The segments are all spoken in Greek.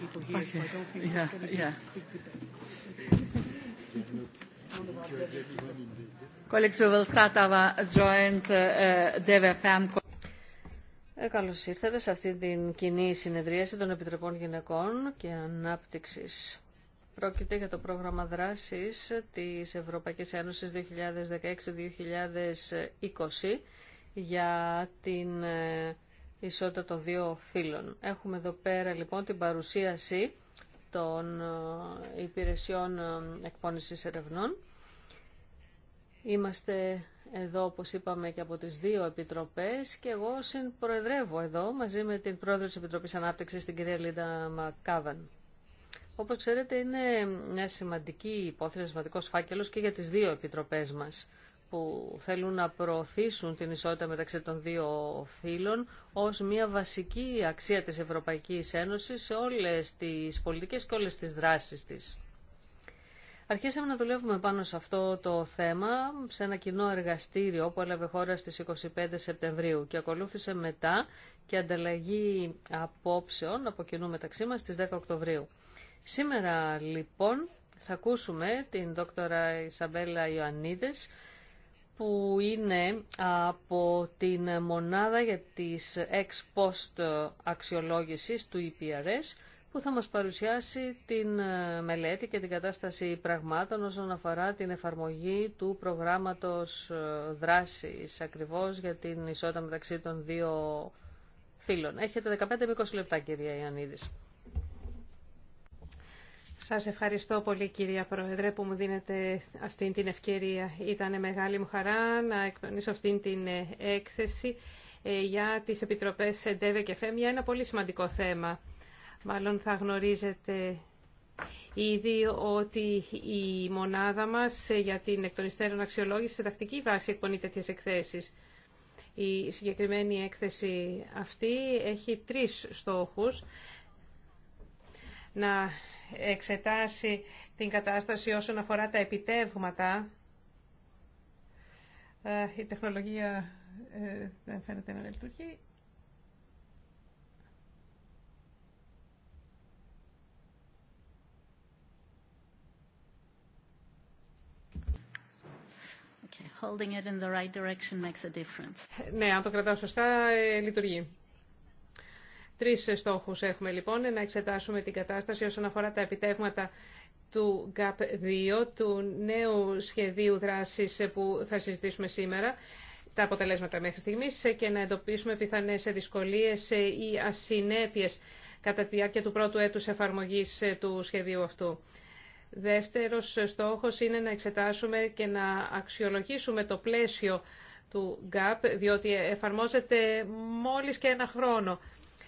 people here, so I καλώς ήρθατε σε αυτή την κοινή συνεδρίαση των Επιτροπών Γυναικών και ανάπτυξη. Πρόκειται για το πρόγραμμα δράσης της Ευρωπαϊκή Ένωσης 2016-2020 για την ε, ισότητα των δύο φύλων. Έχουμε εδώ πέρα λοιπόν την παρουσίαση των ε, υπηρεσιών ε, εκπόνησης ερευνών. Είμαστε εδώ, όπως είπαμε, και από τις δύο επιτροπές και εγώ συμπροεδρεύω εδώ μαζί με την πρόεδρο της Επιτροπής Ανάπτυξης, την κυρία Λίντα Μακάβαν. Όπως ξέρετε, είναι μια σημαντική υπόθεση, σημαντικός φάκελος και για τις δύο επιτροπές μας που θέλουν να προωθήσουν την ισότητα μεταξύ των δύο φύλων ως μια βασική αξία της Ευρωπαϊκής Ένωσης σε όλες τις πολιτικές και όλες τις δράσεις της. Αρχίσαμε να δουλεύουμε πάνω σε αυτό το θέμα σε ένα κοινό εργαστήριο που έλαβε χώρα στις 25 Σεπτεμβρίου και ακολούθησε μετά και ανταλλαγή απόψεων από κοινού μεταξύ μας στις 10 Οκτωβρίου. Σήμερα λοιπόν θα ακούσουμε την δόκτωρα Ισαμπέλα Ιωαννίδες που είναι από την μονάδα για τις ex post αξιολόγησης του EPRS που θα μας παρουσιάσει την ε, μελέτη και την κατάσταση πραγμάτων όσον αφορά την εφαρμογή του προγράμματος ε, δράσης ακριβώς για την ισότητα μεταξύ των δύο φύλων. Έχετε 15 20 λεπτά κυρία Ιαννίδης. Σας ευχαριστώ πολύ κυρία Πρόεδρε που μου δίνετε αυτή την ευκαιρία. Ήταν μεγάλη μου χαρά να εκπονήσω αυτή την ε, έκθεση ε, για τις Επιτροπές ΕΝΤΕΒΕ και ΦΕΜ για ένα πολύ σημαντικό θέμα. Μάλλον θα γνωρίζετε ήδη ότι η μονάδα μας ε, για την εκ αξιολόγηση σε τακτική βάση εκπονεί τέτοιε εκθέσεις. Η συγκεκριμένη έκθεση αυτή έχει τρεις στόχους να εξετάσει την κατάσταση όσον αφορά τα επιτεύγματα. Ε, η τεχνολογία ε, δεν φαίνεται να λειτουργεί. Holding it in the right direction makes a difference. Ναι, αν το κρατάω σωστά, ε, λειτουργεί. Τρεις στόχους έχουμε λοιπόν, να εξετάσουμε την κατάσταση όσον αφορά τα επιτεύγματα του ΓΑΠ2, του νέου σχεδίου δράσης που θα συζητήσουμε σήμερα, τα αποτελέσματα μέχρι στιγμής και να εντοπίσουμε πιθανές δυσκολίες ή ασυνέπειες κατά τη διάρκεια του πρώτου έτους εφαρμογής του σχεδίου αυτού. Δεύτερος στόχος είναι να εξετάσουμε και να αξιολογήσουμε το πλαίσιο του ΓΑΠ, διότι εφαρμόζεται μόλις και ένα χρόνο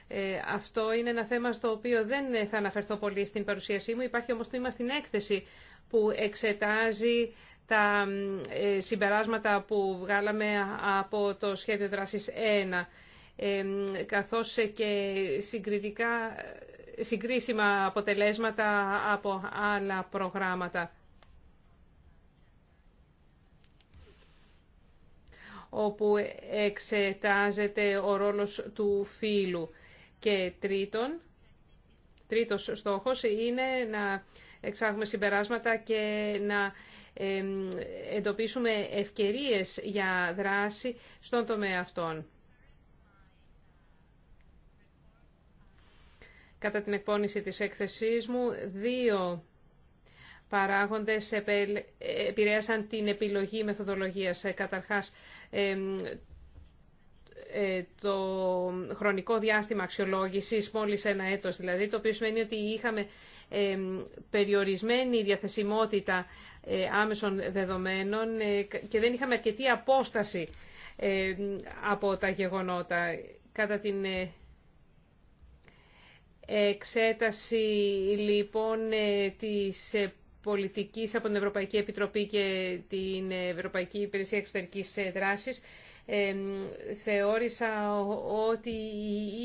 ε, αυτό είναι ένα θέμα στο οποίο δεν θα αναφερθώ πολύ στην παρουσίασή μου. Υπάρχει όμως τμήμα στην έκθεση που εξετάζει τα ε, συμπεράσματα που βγάλαμε από το σχέδιο δράσης 1 ε, καθώς και συγκριτικά, συγκρίσιμα αποτελέσματα από άλλα προγράμματα. όπου εξετάζεται ο ρόλος του φύλου. Και τρίτον, τρίτος στόχος είναι να εξάγουμε συμπεράσματα και να εντοπίσουμε ευκαιρίες για δράση στον τομέα αυτών. Κατά την εκπόνηση της έκθεσής μου, δύο παράγοντες επηρέασαν την επιλογή μεθοδολογίας. Καταρχάς, ε, το χρονικό διάστημα αξιολόγησης, μόλις ένα έτος δηλαδή, το οποίο σημαίνει ότι είχαμε ε, περιορισμένη διαθεσιμότητα ε, άμεσων δεδομένων και δεν είχαμε αρκετή απόσταση από τα γεγονότα. Κατά την εξέταση λοιπόν της πολιτικής από την Ευρωπαϊκή Επιτροπή και την Ευρωπαϊκή Υπηρεσία Εξωτερικής Δράσης θεώρησα ότι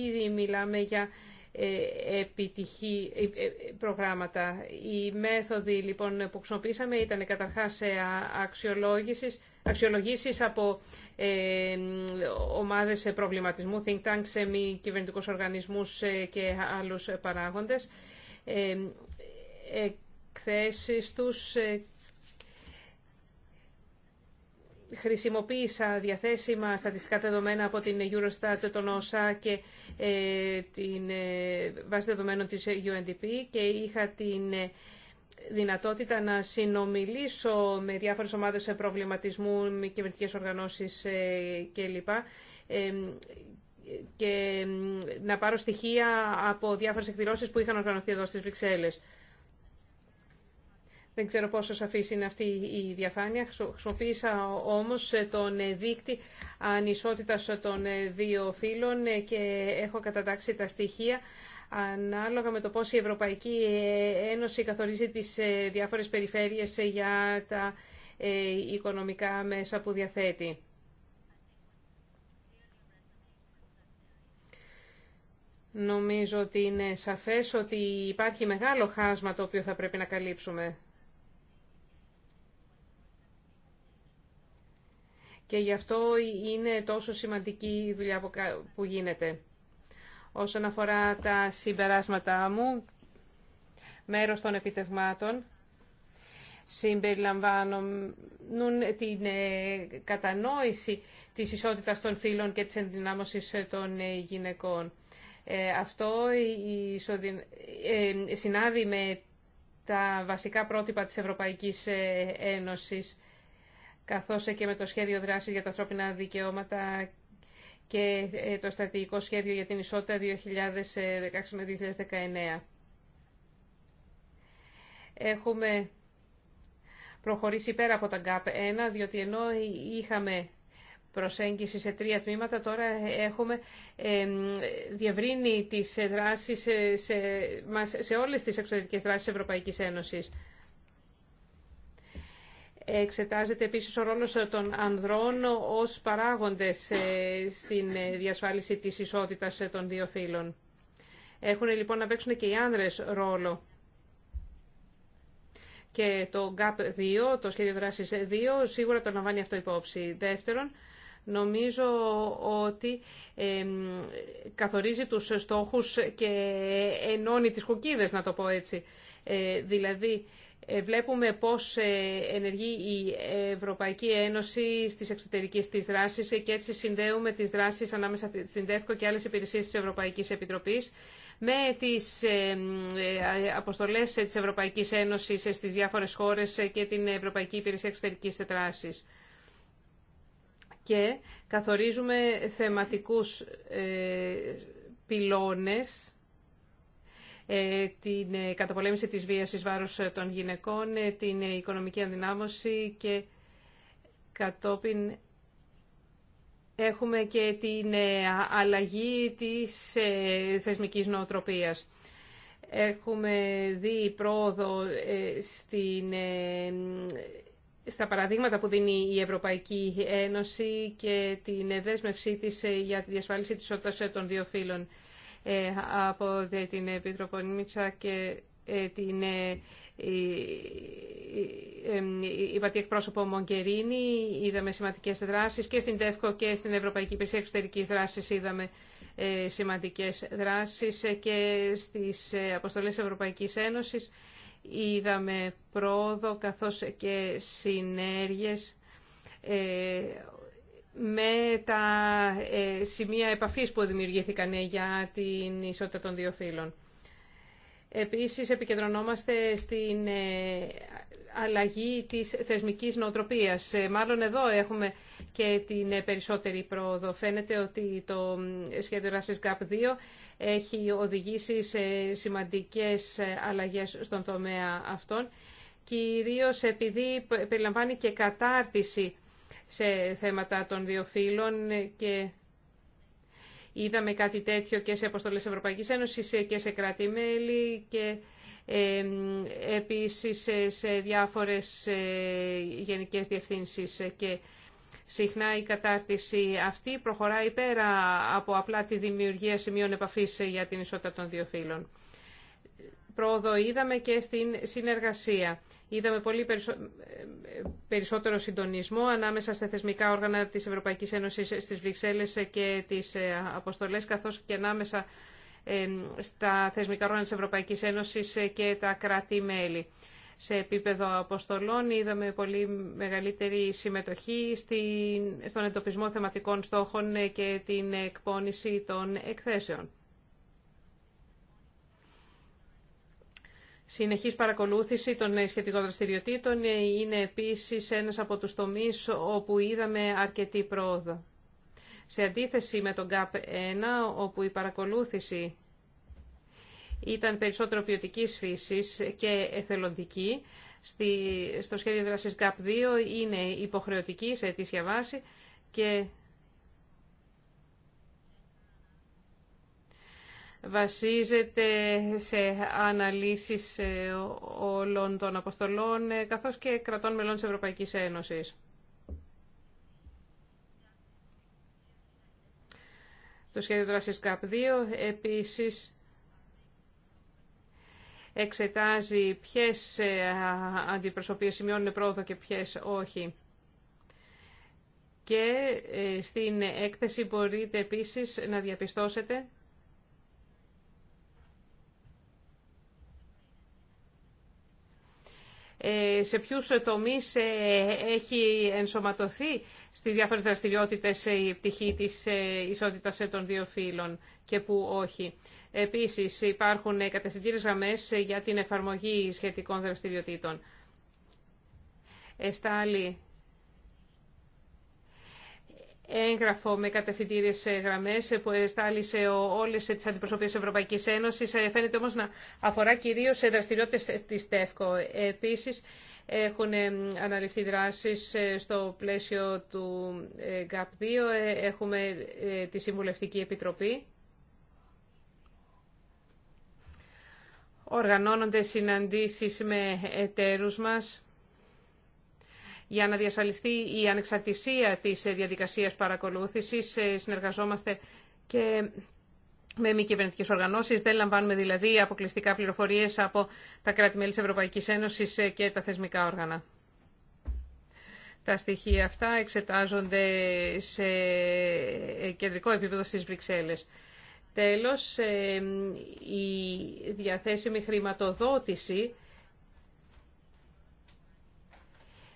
ήδη μιλάμε για ε, επιτυχή ε, ε, προγράμματα. Οι μέθοδοι λοιπόν που χρησιμοποίησαμε ήταν καταρχάς αξιολόγησης, αξιολογήσεις από ε, ομάδες προβληματισμού, think tanks, μη κυβερνητικούς οργανισμούς και άλλους παράγοντες, ε, εκθέσεις τους χρησιμοποίησα διαθέσιμα στατιστικά δεδομένα από την Eurostat, τον OSA και ε, την ε, βάση δεδομένων της UNDP και είχα την ε, δυνατότητα να συνομιλήσω με διάφορες ομάδες προβληματισμού, με κυβερνητικές οργανώσεις κλπ. και να πάρω στοιχεία από διάφορες εκδηλώσεις που είχαν οργανωθεί εδώ στις Βρυξέλλες. Δεν ξέρω πόσο σαφής είναι αυτή η διαφάνεια. Χρησιμοποίησα όμως τον δείκτη ανισότητας των δύο φύλων και έχω κατατάξει τα στοιχεία ανάλογα με το πώς η Ευρωπαϊκή Ένωση καθορίζει τις ε, διάφορες περιφέρειες για τα ε, οικονομικά μέσα που διαθέτει. Νομίζω ότι είναι σαφές ότι υπάρχει μεγάλο χάσμα το οποίο θα πρέπει να καλύψουμε. και γι' αυτό είναι τόσο σημαντική η δουλειά που γίνεται. Όσον αφορά τα συμπεράσματά μου, μέρος των επιτευμάτων συμπεριλαμβάνουν την ε, κατανόηση της ισότητας των φύλων και της ενδυνάμωσης ε, των ε, γυναικών. Αυτό συνάδει με τα βασικά πρότυπα της Ευρωπαϊκής Ένωσης καθώς και με το σχέδιο δράσης για τα ανθρώπινα δικαιώματα και ε, το στρατηγικό σχέδιο για την ισότητα 2016 2019. Έχουμε προχωρήσει πέρα από τα GAP 1, διότι ενώ είχαμε προσέγγιση σε τρία τμήματα, τώρα έχουμε ε, διευρύνει τις δράσεις ε, σε, σε, σε όλες τις εξωτερικές δράσεις της Ευρωπαϊκής Ένωσης. Εξετάζεται επίσης ο ρόλος των ανδρών ως παράγοντες ε, στην ε, διασφάλιση της ισότητας ε, των δύο φύλων. Έχουν λοιπόν να παίξουν και οι άνδρες ρόλο. Και το GAP 2, το σχέδιο δράσης 2, σίγουρα το λαμβάνει αυτό υπόψη. Δεύτερον, νομίζω ότι καθορίζει τους στόχους και ενώνει τις κουκίδες, να το πω έτσι. δηλαδή, ε, βλέπουμε πώς ε, ενεργεί η Ευρωπαϊκή Ένωση στις εξωτερικές της δράσεις ε, και έτσι συνδέουμε τις δράσεις ανάμεσα στην ΔΕΦΚΟ και άλλες υπηρεσίες της Ευρωπαϊκής Επιτροπής με τις αποστολές της Ευρωπαϊκής Ένωσης στις διάφορες χώρες και την Ευρωπαϊκή Υπηρεσία Εξωτερικής Δράσης. Και καθορίζουμε θεματικούς πυλώνες ε, την ε, καταπολέμηση της βίας εις βάρος ε, των γυναικών, την οικονομική ανδυνάμωση και κατόπιν έχουμε και την αλλαγή της θεσμικής νοοτροπίας. Έχουμε δει πρόοδο στην, στα παραδείγματα που δίνει η Ευρωπαϊκή Ένωση και την δέσμευσή της για τη διασφάλιση της ισότητας των δύο φύλων. Ε, από την Επίτροπο Νίμιτσα και ε, την υπατή ε, εκπρόσωπο Μογκερίνη. Είδαμε σημαντικές δράσεις και στην ΤΕΦΚΟ και στην Ευρωπαϊκή Υπηρεσία Εξωτερικής Δράσης είδαμε σημαντικές δράσεις και στις αποστολές Ευρωπαϊκής Ένωσης είδαμε πρόοδο καθώς και συνέργειες με τα ε, σημεία επαφής που δημιουργήθηκαν ε, για την ισότητα των δύο φύλων. Επίσης, επικεντρωνόμαστε στην ε, αλλαγή της θεσμικής νοοτροπίας. Μάλλον εδώ έχουμε και την περισσότερη πρόοδο. Φαίνεται ότι το σχέδιο Ράσης ΓΑΠ 2 έχει οδηγήσει σε σημαντικές αλλαγές στον τομέα αυτών, κυρίως επειδή περιλαμβάνει και κατάρτιση σε θέματα των δύο φύλων και είδαμε κάτι τέτοιο και σε αποστολές Ευρωπαϊκής Ένωσης και σε κράτη-μέλη και ε, επίσης σε διάφορες ε, γενικές διευθύνσεις και συχνά η κατάρτιση αυτή προχωράει πέρα από απλά τη δημιουργία σημείων επαφής για την ισότητα των δύο φύλων πρόοδο είδαμε και στην συνεργασία. Είδαμε πολύ περισσότερο συντονισμό ανάμεσα στα θεσμικά όργανα της Ευρωπαϊκής Ένωσης στις Βρυξέλλες και τις ε, αποστολές, καθώς και ανάμεσα στα θεσμικά όργανα της Ευρωπαϊκής Ένωσης και τα κράτη-μέλη. Σε επίπεδο αποστολών είδαμε πολύ μεγαλύτερη συμμετοχή στον εντοπισμό θεματικών στόχων και την εκπόνηση των εκθέσεων. Συνεχής παρακολούθηση των ε, σχετικών δραστηριοτήτων ε, είναι επίσης ένας από τους τομείς όπου είδαμε αρκετή πρόοδο. Σε αντίθεση με τον ΚΑΠ 1, όπου η παρακολούθηση ήταν περισσότερο ποιοτική φύσης και εθελοντική, στο σχέδιο δράσης ΚΑΠ 2 είναι υποχρεωτική σε αιτήσια βάση και βασίζεται σε αναλύσεις ε, όλων των αποστολών ε, καθώς και κρατών μελών της Ευρωπαϊκής Ένωσης. Το σχέδιο δράσης ΚΑΠ2 επίσης εξετάζει ποιες ε, αντιπροσωπείες σημειώνουν πρόοδο και ποιες όχι. Και στην έκθεση μπορείτε επίσης να διαπιστώσετε Ε, σε ποιους τομείς ε, έχει ενσωματωθεί στις διάφορες δραστηριότητες ε, η πτυχή της ισότητας των δύο φύλων και που όχι. Επίσης υπάρχουν κατευθυντήρες γραμμές για την εφαρμογή σχετικών δραστηριοτήτων. άλλη έγγραφο με κατευθυντήριε γραμμέ που εστάλησε τι τις τη Ευρωπαϊκής Ένωσης. Ε, φαίνεται όμω να αφορά κυρίω κυρίως δραστηριότητε τη ΤΕΦΚΟ. Επίση έχουν ε, αναλυφθεί δράσει ε, στο πλαίσιο του ΓΑΠ2. Έχουμε τη Συμβουλευτική Επιτροπή. Οργανώνονται συναντήσεις με εταίρους μας για να διασφαλιστεί η ανεξαρτησία της διαδικασίας παρακολούθησης, ε, συνεργαζόμαστε και με μη κυβερνητικέ οργανώσει. Δεν λαμβάνουμε δηλαδή αποκλειστικά πληροφορίε από τα κράτη-μέλη τη Ευρωπαϊκή Ένωση ε, και τα θεσμικά όργανα. Τα στοιχεία αυτά εξετάζονται σε κεντρικό επίπεδο στις Βρυξέλλες. Τέλος, ε, η διαθέσιμη χρηματοδότηση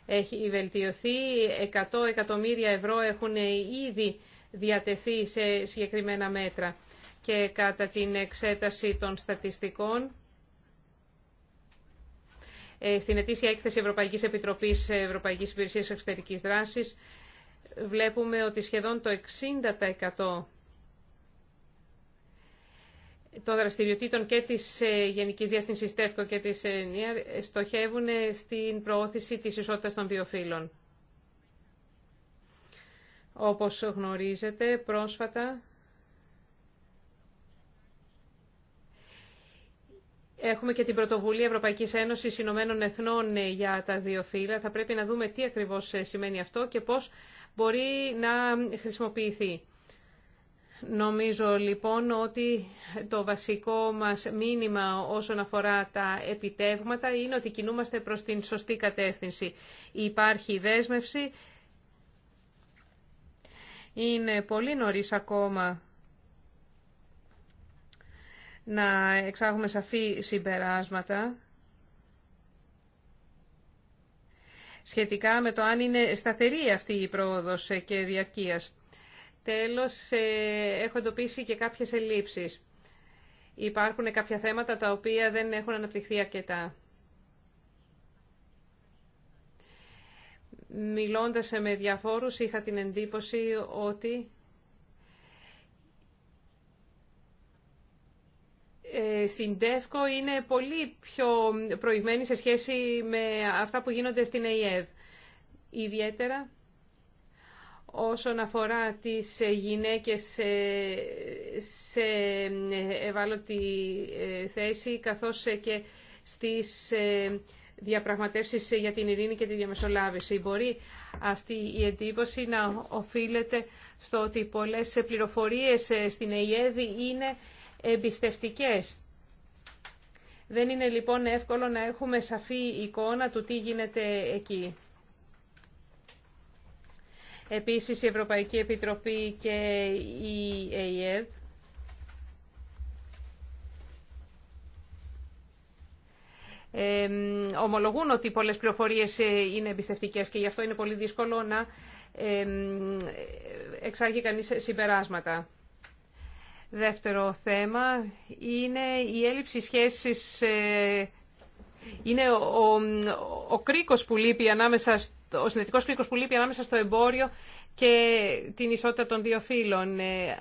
έχει βελτιωθεί. 100 εκατομμύρια ευρώ έχουν ήδη διατεθεί σε συγκεκριμένα μέτρα. Και κατά την εξέταση των στατιστικών, ε, στην ετήσια έκθεση Ευρωπαϊκής Επιτροπής Ευρωπαϊκής Υπηρεσίας Εξωτερικής Δράσης, βλέπουμε ότι σχεδόν το 60% των δραστηριοτήτων και της ε, Γενικής Διεύθυνσης ΤΕΦΚΟ και της ΕΝΙΑ ε, στοχεύουν ε, στην προώθηση της ισότητας των δύο φύλων. Όπως γνωρίζετε, πρόσφατα Έχουμε και την πρωτοβουλία Ευρωπαϊκής Ένωσης Ηνωμένων Εθνών για τα δύο φύλλα. Θα πρέπει να δούμε τι ακριβώς σημαίνει αυτό και πώς μπορεί να χρησιμοποιηθεί. Νομίζω λοιπόν ότι το βασικό μας μήνυμα όσον αφορά τα επιτεύγματα είναι ότι κινούμαστε προς την σωστή κατεύθυνση. Υπάρχει δέσμευση. Είναι πολύ νωρίς ακόμα να εξάγουμε σαφή συμπεράσματα σχετικά με το αν είναι σταθερή αυτή η πρόοδος και διαρκείας. Τέλος, ε, έχω εντοπίσει και κάποιες ελλείψεις. Υπάρχουν κάποια θέματα τα οποία δεν έχουν αναπτυχθεί αρκετά. Μιλώντας με διαφόρους, είχα την εντύπωση ότι ε, στην ΤΕΦΚΟ είναι πολύ πιο προηγμένη σε σχέση με αυτά που γίνονται στην ΕΙΕΔ. Ιδιαίτερα όσον αφορά τις ε, γυναίκες σε ε, ευάλωτη ε, θέση, καθώς και στις διαπραγματεύσεις για την ειρήνη και τη διαμεσολάβηση. Μπορεί αυτή η εντύπωση να οφείλεται στο ότι πολλές πληροφορίες στην ΕΙΕΔΗ είναι εμπιστευτικές. Δεν είναι λοιπόν εύκολο να έχουμε σαφή εικόνα του τι γίνεται εκεί. Επίσης η Ευρωπαϊκή Επιτροπή και η ΕΕΔ ομολογούν ότι πολλές πληροφορίες ε, είναι εμπιστευτικές και γι' αυτό είναι πολύ δύσκολο να εξάγει κανείς συμπεράσματα. Δεύτερο θέμα είναι η έλλειψη σχέσης, ε, είναι ο, ο, ο κρίκος που λείπει ανάμεσα ο συνδετικός κρίκος που λείπει ανάμεσα στο εμπόριο και την ισότητα των δύο φύλων. Ε,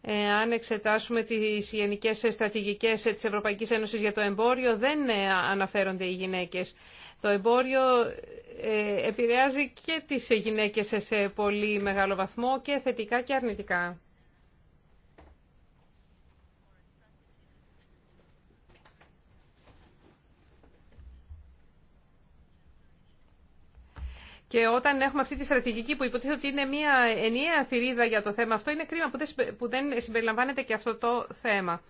ε, αν εξετάσουμε τις γενικές στρατηγικές της Ευρωπαϊκής Ένωσης για το εμπόριο, δεν ε, αναφέρονται οι γυναίκες. Το εμπόριο επηρεάζει και τις γυναίκες σε πολύ μεγάλο βαθμό και θετικά και αρνητικά. Και όταν έχουμε αυτή τη στρατηγική που υποτίθεται ότι είναι μια ενιαία θηρίδα για το θέμα αυτό, είναι κρίμα που δεν συμπεριλαμβάνεται και αυτό το θέμα.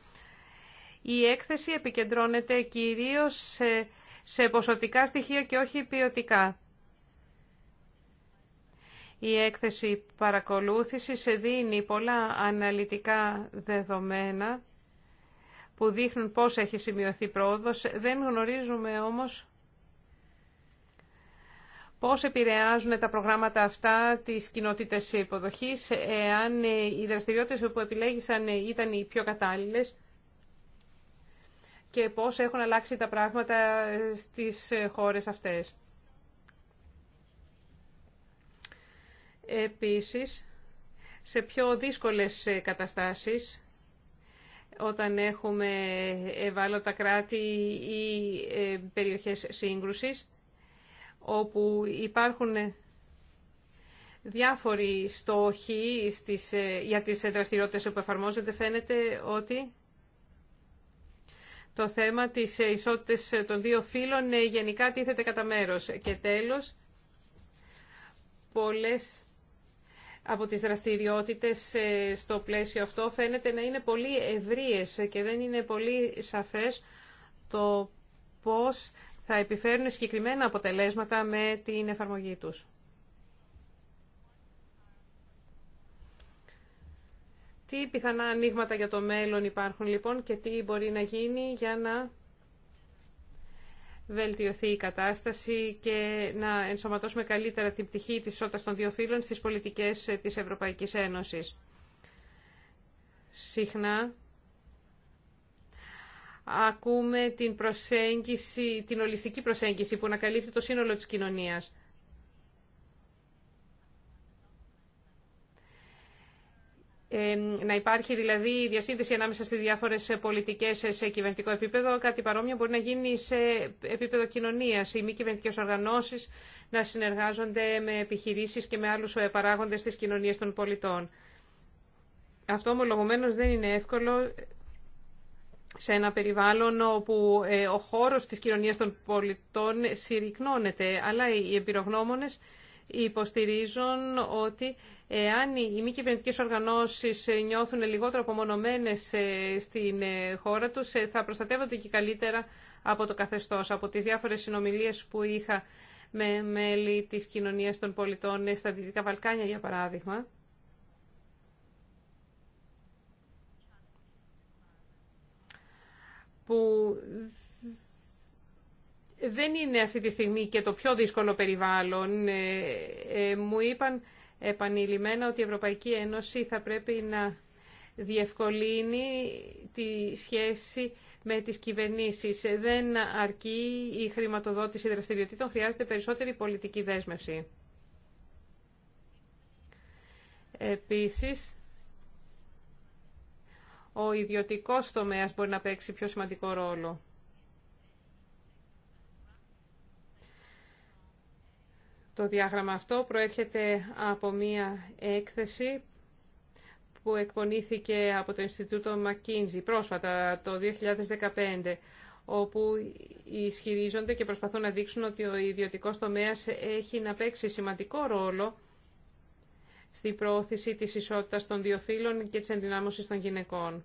Η έκθεση επικεντρώνεται κυρίως σε, σε ποσοτικά στοιχεία και όχι ποιοτικά. Η έκθεση παρακολούθησης δίνει πολλά αναλυτικά δεδομένα που δείχνουν πώς έχει σημειωθεί πρόοδος. Δεν γνωρίζουμε όμως Πώς επηρεάζουν τα προγράμματα αυτά τις κοινότητες υποδοχής, εάν οι δραστηριότητες που επιλέγησαν ήταν οι πιο κατάλληλες και πώς έχουν αλλάξει τα πράγματα στις χώρες αυτές. Επίσης, σε πιο δύσκολες καταστάσεις, όταν έχουμε ευάλωτα κράτη ή ε, περιοχές σύγκρουσης, όπου υπάρχουν διάφοροι στόχοι στις, ε, για τις δραστηριότητες που εφαρμόζονται, φαίνεται ότι το θέμα της ισότητας των δύο φύλων ε, γενικά τίθεται κατά μέρος. Και τέλος, πολλές από τις δραστηριότητες ε, στο πλαίσιο αυτό φαίνεται να είναι πολύ ευρείες και δεν είναι πολύ σαφές το πώς θα επιφέρουν συγκεκριμένα αποτελέσματα με την εφαρμογή τους. Τι πιθανά ανοίγματα για το μέλλον υπάρχουν λοιπόν και τι μπορεί να γίνει για να βελτιωθεί η κατάσταση και να ενσωματώσουμε καλύτερα την πτυχή της ισότητας των δύο φύλων στις πολιτικές της Ευρωπαϊκής Ένωσης. Συχνά ακούμε την προσέγγιση, την ολιστική προσέγγιση που ανακαλύπτει το σύνολο της κοινωνίας. Ε, να υπάρχει δηλαδή διασύνδεση ανάμεσα στις διάφορες πολιτικές σε κυβερνητικό επίπεδο. Κάτι παρόμοιο μπορεί να γίνει σε επίπεδο κοινωνίας. Οι μη κυβερνητικές οργανώσεις να συνεργάζονται με επιχειρήσεις και με άλλους παράγοντες της κοινωνίας των πολιτών. Αυτό ομολογουμένως δεν είναι εύκολο σε ένα περιβάλλον όπου ε, ο χώρος της κοινωνίας των πολιτών συρρυκνώνεται, αλλά οι εμπειρογνώμονες υποστηρίζουν ότι εάν οι μη κυβερνητικέ οργανώσεις ε, νιώθουν λιγότερο απομονωμένες ε, στην χώρα τους, θα προστατεύονται και καλύτερα από το καθεστώς, από τις διάφορες συνομιλίες που είχα με μέλη της κοινωνίας των πολιτών στα Δυτικά Βαλκάνια, για παράδειγμα. που δεν είναι αυτή τη στιγμή και το πιο δύσκολο περιβάλλον. Ε, ε, μου είπαν επανειλημμένα ότι η Ευρωπαϊκή Ένωση θα πρέπει να διευκολύνει τη σχέση με τις κυβερνήσεις. Δεν αρκεί η χρηματοδότηση δραστηριοτήτων, χρειάζεται περισσότερη πολιτική δέσμευση. Επίσης, ο ιδιωτικός τομέας μπορεί να παίξει πιο σημαντικό ρόλο. Το διάγραμμα αυτό προέρχεται από μία έκθεση που εκπονήθηκε από το Ινστιτούτο McKinsey πρόσφατα το 2015 όπου ισχυρίζονται και προσπαθούν να δείξουν ότι ο ιδιωτικός τομέας έχει να παίξει σημαντικό ρόλο στην προώθηση της ισότητας των δύο φύλων και της ενδυνάμωσης των γυναικών.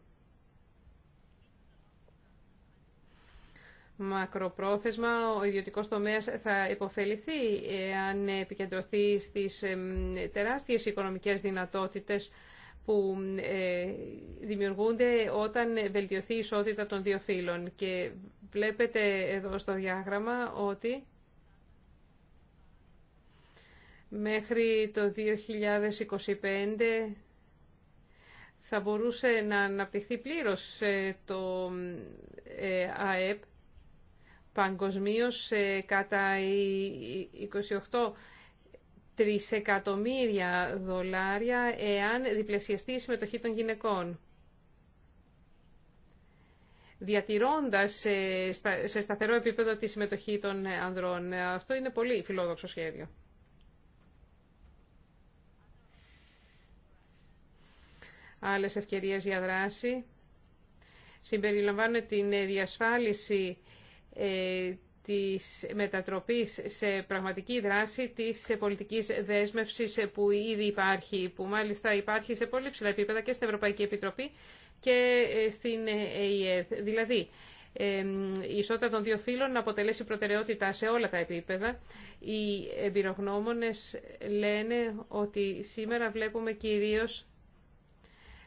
Μακροπρόθεσμα, ο ιδιωτικός τομέας θα υποφεληθεί αν επικεντρωθεί στις τεράστιες οικονομικές δυνατότητες που ε, δημιουργούνται όταν βελτιωθεί η ισότητα των δύο φύλων. Και βλέπετε εδώ στο διάγραμμα ότι Μέχρι το 2025 θα μπορούσε να αναπτυχθεί πλήρως ε, το ε, ΑΕΠ παγκοσμίως ε, κατά 28 τρισεκατομμύρια δολάρια εάν διπλασιαστεί η συμμετοχή των γυναικών. Διατηρώντας σε σταθερό επίπεδο τη συμμετοχή των ανδρών. Αυτό είναι πολύ φιλόδοξο σχέδιο. άλλες ευκαιρίες για δράση. Συμπεριλαμβάνουν την ε, διασφάλιση ε, της μετατροπής σε πραγματική δράση της ε, πολιτικής δέσμευσης που ήδη υπάρχει, που μάλιστα υπάρχει σε πολύ ψηλά επίπεδα και στην Ευρωπαϊκή Επιτροπή και στην ΕΕΔ. Δηλαδή, η ισότητα των δύο φύλων να αποτελέσει προτεραιότητα σε όλα τα επίπεδα. Οι εμπειρογνώμονες λένε ότι σήμερα βλέπουμε κυρίως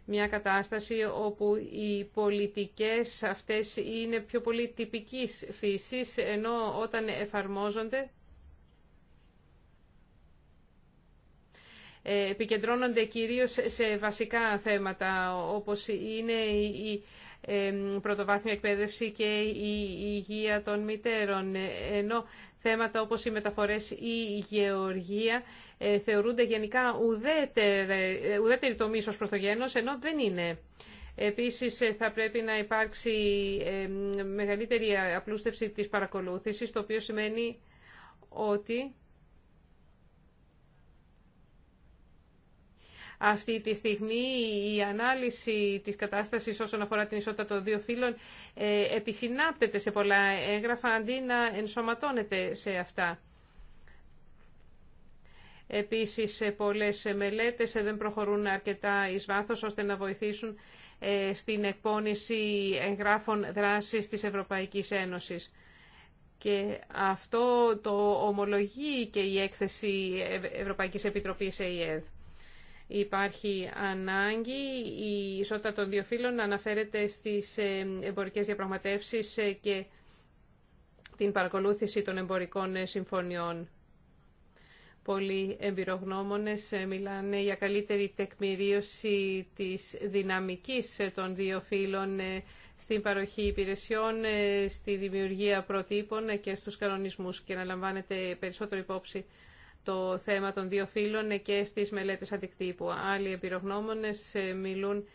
μια κατάσταση όπου οι πολιτικές αυτές είναι πιο πολύ τυπικής φύσης, ενώ όταν εφαρμόζονται ε, επικεντρώνονται κυρίως σε βασικά θέματα όπως είναι η πρωτοβάθμια εκπαίδευση και η υγεία των μητέρων. Ε, ενώ θέματα όπως οι μεταφορές ή η γεωργία ε, θεωρούνται γενικά ουδέτερη, ε, ουδέτερη τομή ως προς το γένος, ενώ δεν είναι. Επίσης θα πρέπει να υπάρξει μεγαλύτερη απλούστευση της παρακολούθησης, το οποίο σημαίνει ότι Αυτή τη στιγμή η ανάλυση της κατάστασης όσον αφορά την ισότητα των δύο φύλων ε, επισυνάπτεται σε πολλά έγγραφα αντί να ενσωματώνεται σε αυτά. Επίσης, πολλές μελέτες ε, δεν προχωρούν αρκετά εις βάθος ώστε να βοηθήσουν ε, στην εκπόνηση εγγράφων δράσης της Ευρωπαϊκής Ένωσης. Και αυτό το ομολογεί και η έκθεση Ευρωπαϊκής Επιτροπής ΕΙΕΔ υπάρχει ανάγκη. Η ισότητα των δύο φύλων αναφέρεται στις ε, εμπορικές διαπραγματεύσεις ε, και την παρακολούθηση των εμπορικών ε, συμφωνιών. Πολλοί εμπειρογνώμονες μιλάνε για καλύτερη τεκμηρίωση της δυναμικής των δύο φύλων στην παροχή υπηρεσιών, στη δημιουργία προτύπων και στους κανονισμούς και να λαμβάνεται περισσότερο υπόψη το θέμα των δύο φύλων και στις μελέτες αντικτύπου. Άλλοι επιρογνώμονες ε, μιλούν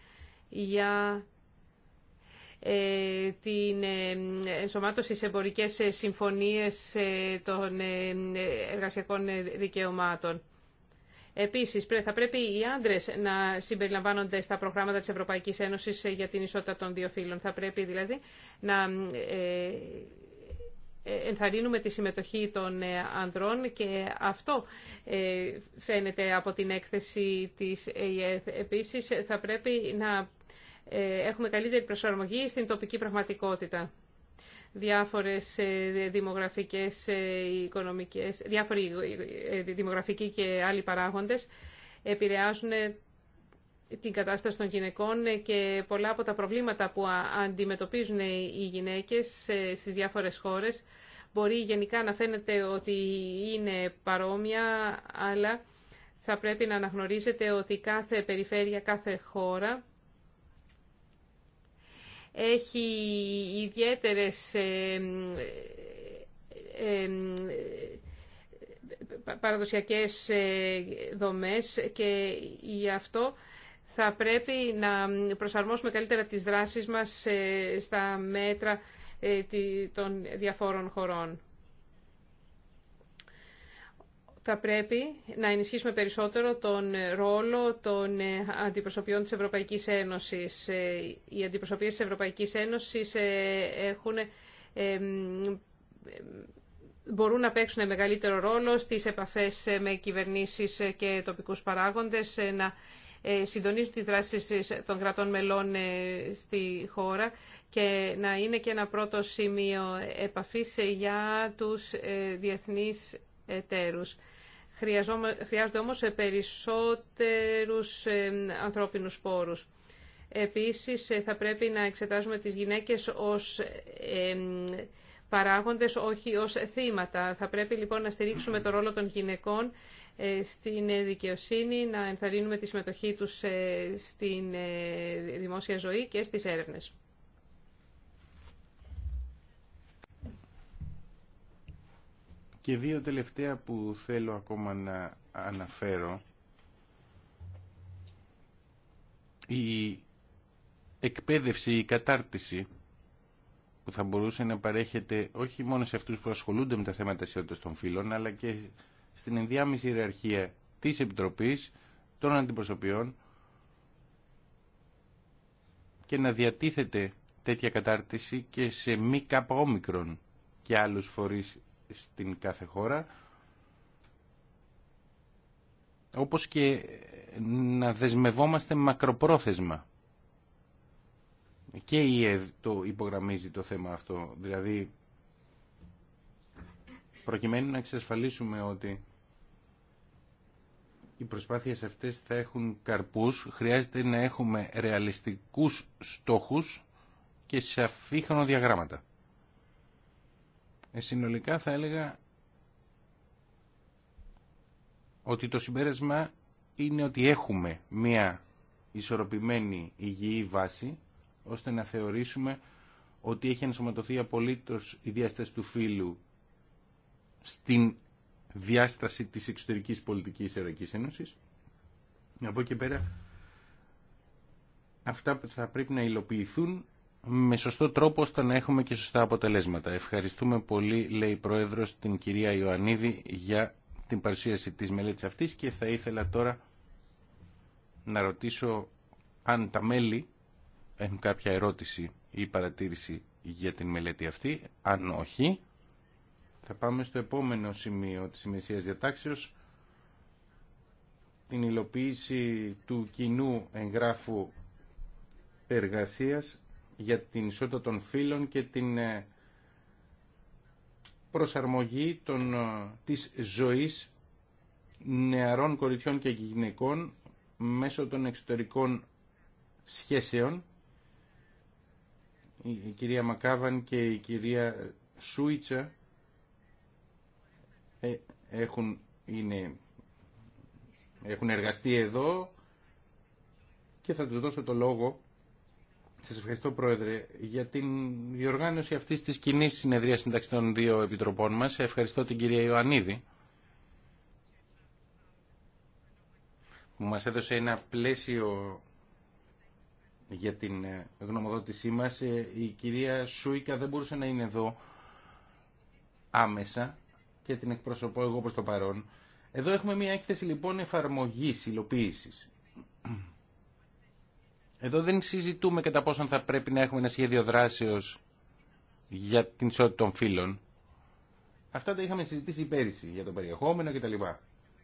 για ε, την ε, ενσωμάτωση σε εμπορικές συμφωνίες των εργασιακών δικαιωμάτων. Επίσης, θα πρέπει οι άντρες να συμπεριλαμβάνονται στα προγράμματα της Ευρωπαϊκής Ένωσης για την ισότητα των δύο φύλων. Θα πρέπει δηλαδή να ενθαρρύνουμε τη συμμετοχή των ε, ανδρών και αυτό ε, φαίνεται από την έκθεση της ΕΕ. Επίσης, θα πρέπει να ε, έχουμε καλύτερη προσαρμογή στην τοπική πραγματικότητα. Διάφορες δημογραφικές, οικονομικές, διάφοροι δημογραφικοί και άλλοι παράγοντες επηρεάζουν την κατάσταση των γυναικών και πολλά από τα προβλήματα που αντιμετωπίζουν οι γυναίκες ε, στις διάφορες χώρες. Μπορεί γενικά να φαίνεται ότι είναι παρόμοια, αλλά θα πρέπει να αναγνωρίζετε ότι κάθε περιφέρεια, κάθε χώρα έχει ιδιαίτερες ε, ε, παραδοσιακές δομές και γι' αυτό θα πρέπει να προσαρμόσουμε καλύτερα τις δράσεις μας στα μέτρα ε, των διαφόρων χωρών. Θα πρέπει να ενισχύσουμε περισσότερο τον ρόλο των ε, αντιπροσωπιών της Ευρωπαϊκής Ένωσης. Ε, οι αντιπροσωπείες της Ευρωπαϊκής Ένωσης έχουν, μπορούν να παίξουν μεγαλύτερο ρόλο στις επαφές με κυβερνήσεις και τοπικούς παράγοντες, να ε, συντονίζουν τις δράσεις ε, των κρατών μελών ε, στη χώρα και να είναι και ένα πρώτο σημείο επαφής για τους διεθνείς εταίρους. Χρειάζονται όμως περισσότερους ανθρώπινους πόρους. Επίσης, θα πρέπει να εξετάζουμε τις γυναίκες ως παράγοντες, όχι ως θύματα. Θα πρέπει λοιπόν να στηρίξουμε το ρόλο των γυναικών ε, στην ε, δικαιοσύνη, να ενθαρρύνουμε τη συμμετοχή τους ε, στην δημόσια ζωή και στις έρευνες. Και δύο τελευταία που θέλω ακόμα να αναφέρω. Η εκπαίδευση, η κατάρτιση που θα μπορούσε να παρέχεται όχι μόνο σε αυτούς που ασχολούνται με τα θέματα αισιότητας των φύλων, αλλά και στην ενδιάμεση ιεραρχία της Επιτροπής των Αντιπροσωπιών και να διατίθεται τέτοια κατάρτιση και σε μη καπόμικρον και άλλους φορείς στην κάθε χώρα όπως και να δεσμευόμαστε μακροπρόθεσμα και η ΕΔ το υπογραμμίζει το θέμα αυτό δηλαδή προκειμένου να εξασφαλίσουμε ότι οι προσπάθειες αυτές θα έχουν καρπούς, χρειάζεται να έχουμε ρεαλιστικούς στόχους και σαφή χρονοδιαγράμματα. Ε, συνολικά θα έλεγα ότι το συμπέρασμα είναι ότι έχουμε μία ισορροπημένη υγιή βάση ώστε να θεωρήσουμε ότι έχει ενσωματωθεί απολύτως η διάσταση του φύλου στην διάσταση της εξωτερικής πολιτικής Ευρωπαϊκής Ένωσης. Από εκεί πέρα αυτά θα πρέπει να υλοποιηθούν με σωστό τρόπο ώστε να έχουμε και σωστά αποτελέσματα. Ευχαριστούμε πολύ, λέει η Πρόεδρος, την κυρία Ιωαννίδη για την παρουσίαση της μελέτης αυτής και θα ήθελα τώρα να ρωτήσω αν τα μέλη έχουν κάποια ερώτηση ή παρατήρηση για την μελέτη αυτή. Αν όχι, θα πάμε στο επόμενο σημείο της ημεσίας διατάξεως, την υλοποίηση του κοινού εγγράφου εργασίας για την ισότητα των φύλων και την ε, προσαρμογή των, ε, της ζωής νεαρών κοριτσιών και γυναικών μέσω των εξωτερικών σχέσεων. Η κυρία Μακάβαν και η κυρία Σούιτσα ε, έχουν, είναι, έχουν εργαστεί εδώ και θα τους δώσω το λόγο. Σας ευχαριστώ Πρόεδρε για την διοργάνωση αυτής της κοινή συνεδρίας μεταξύ των δύο επιτροπών μας. Ευχαριστώ την κυρία Ιωαννίδη που μας έδωσε ένα πλαίσιο για την γνωμοδότησή μας. Ε, η κυρία Σούικα δεν μπορούσε να είναι εδώ άμεσα και την εκπροσωπώ εγώ προς το παρόν. Εδώ έχουμε μια έκθεση λοιπόν εφαρμογής, υλοποίηση. Εδώ δεν συζητούμε κατά πόσον θα πρέπει να έχουμε ένα σχέδιο δράσεως για την ισότητα των φύλων. Αυτά τα είχαμε συζητήσει πέρυσι για το περιεχόμενο κτλ.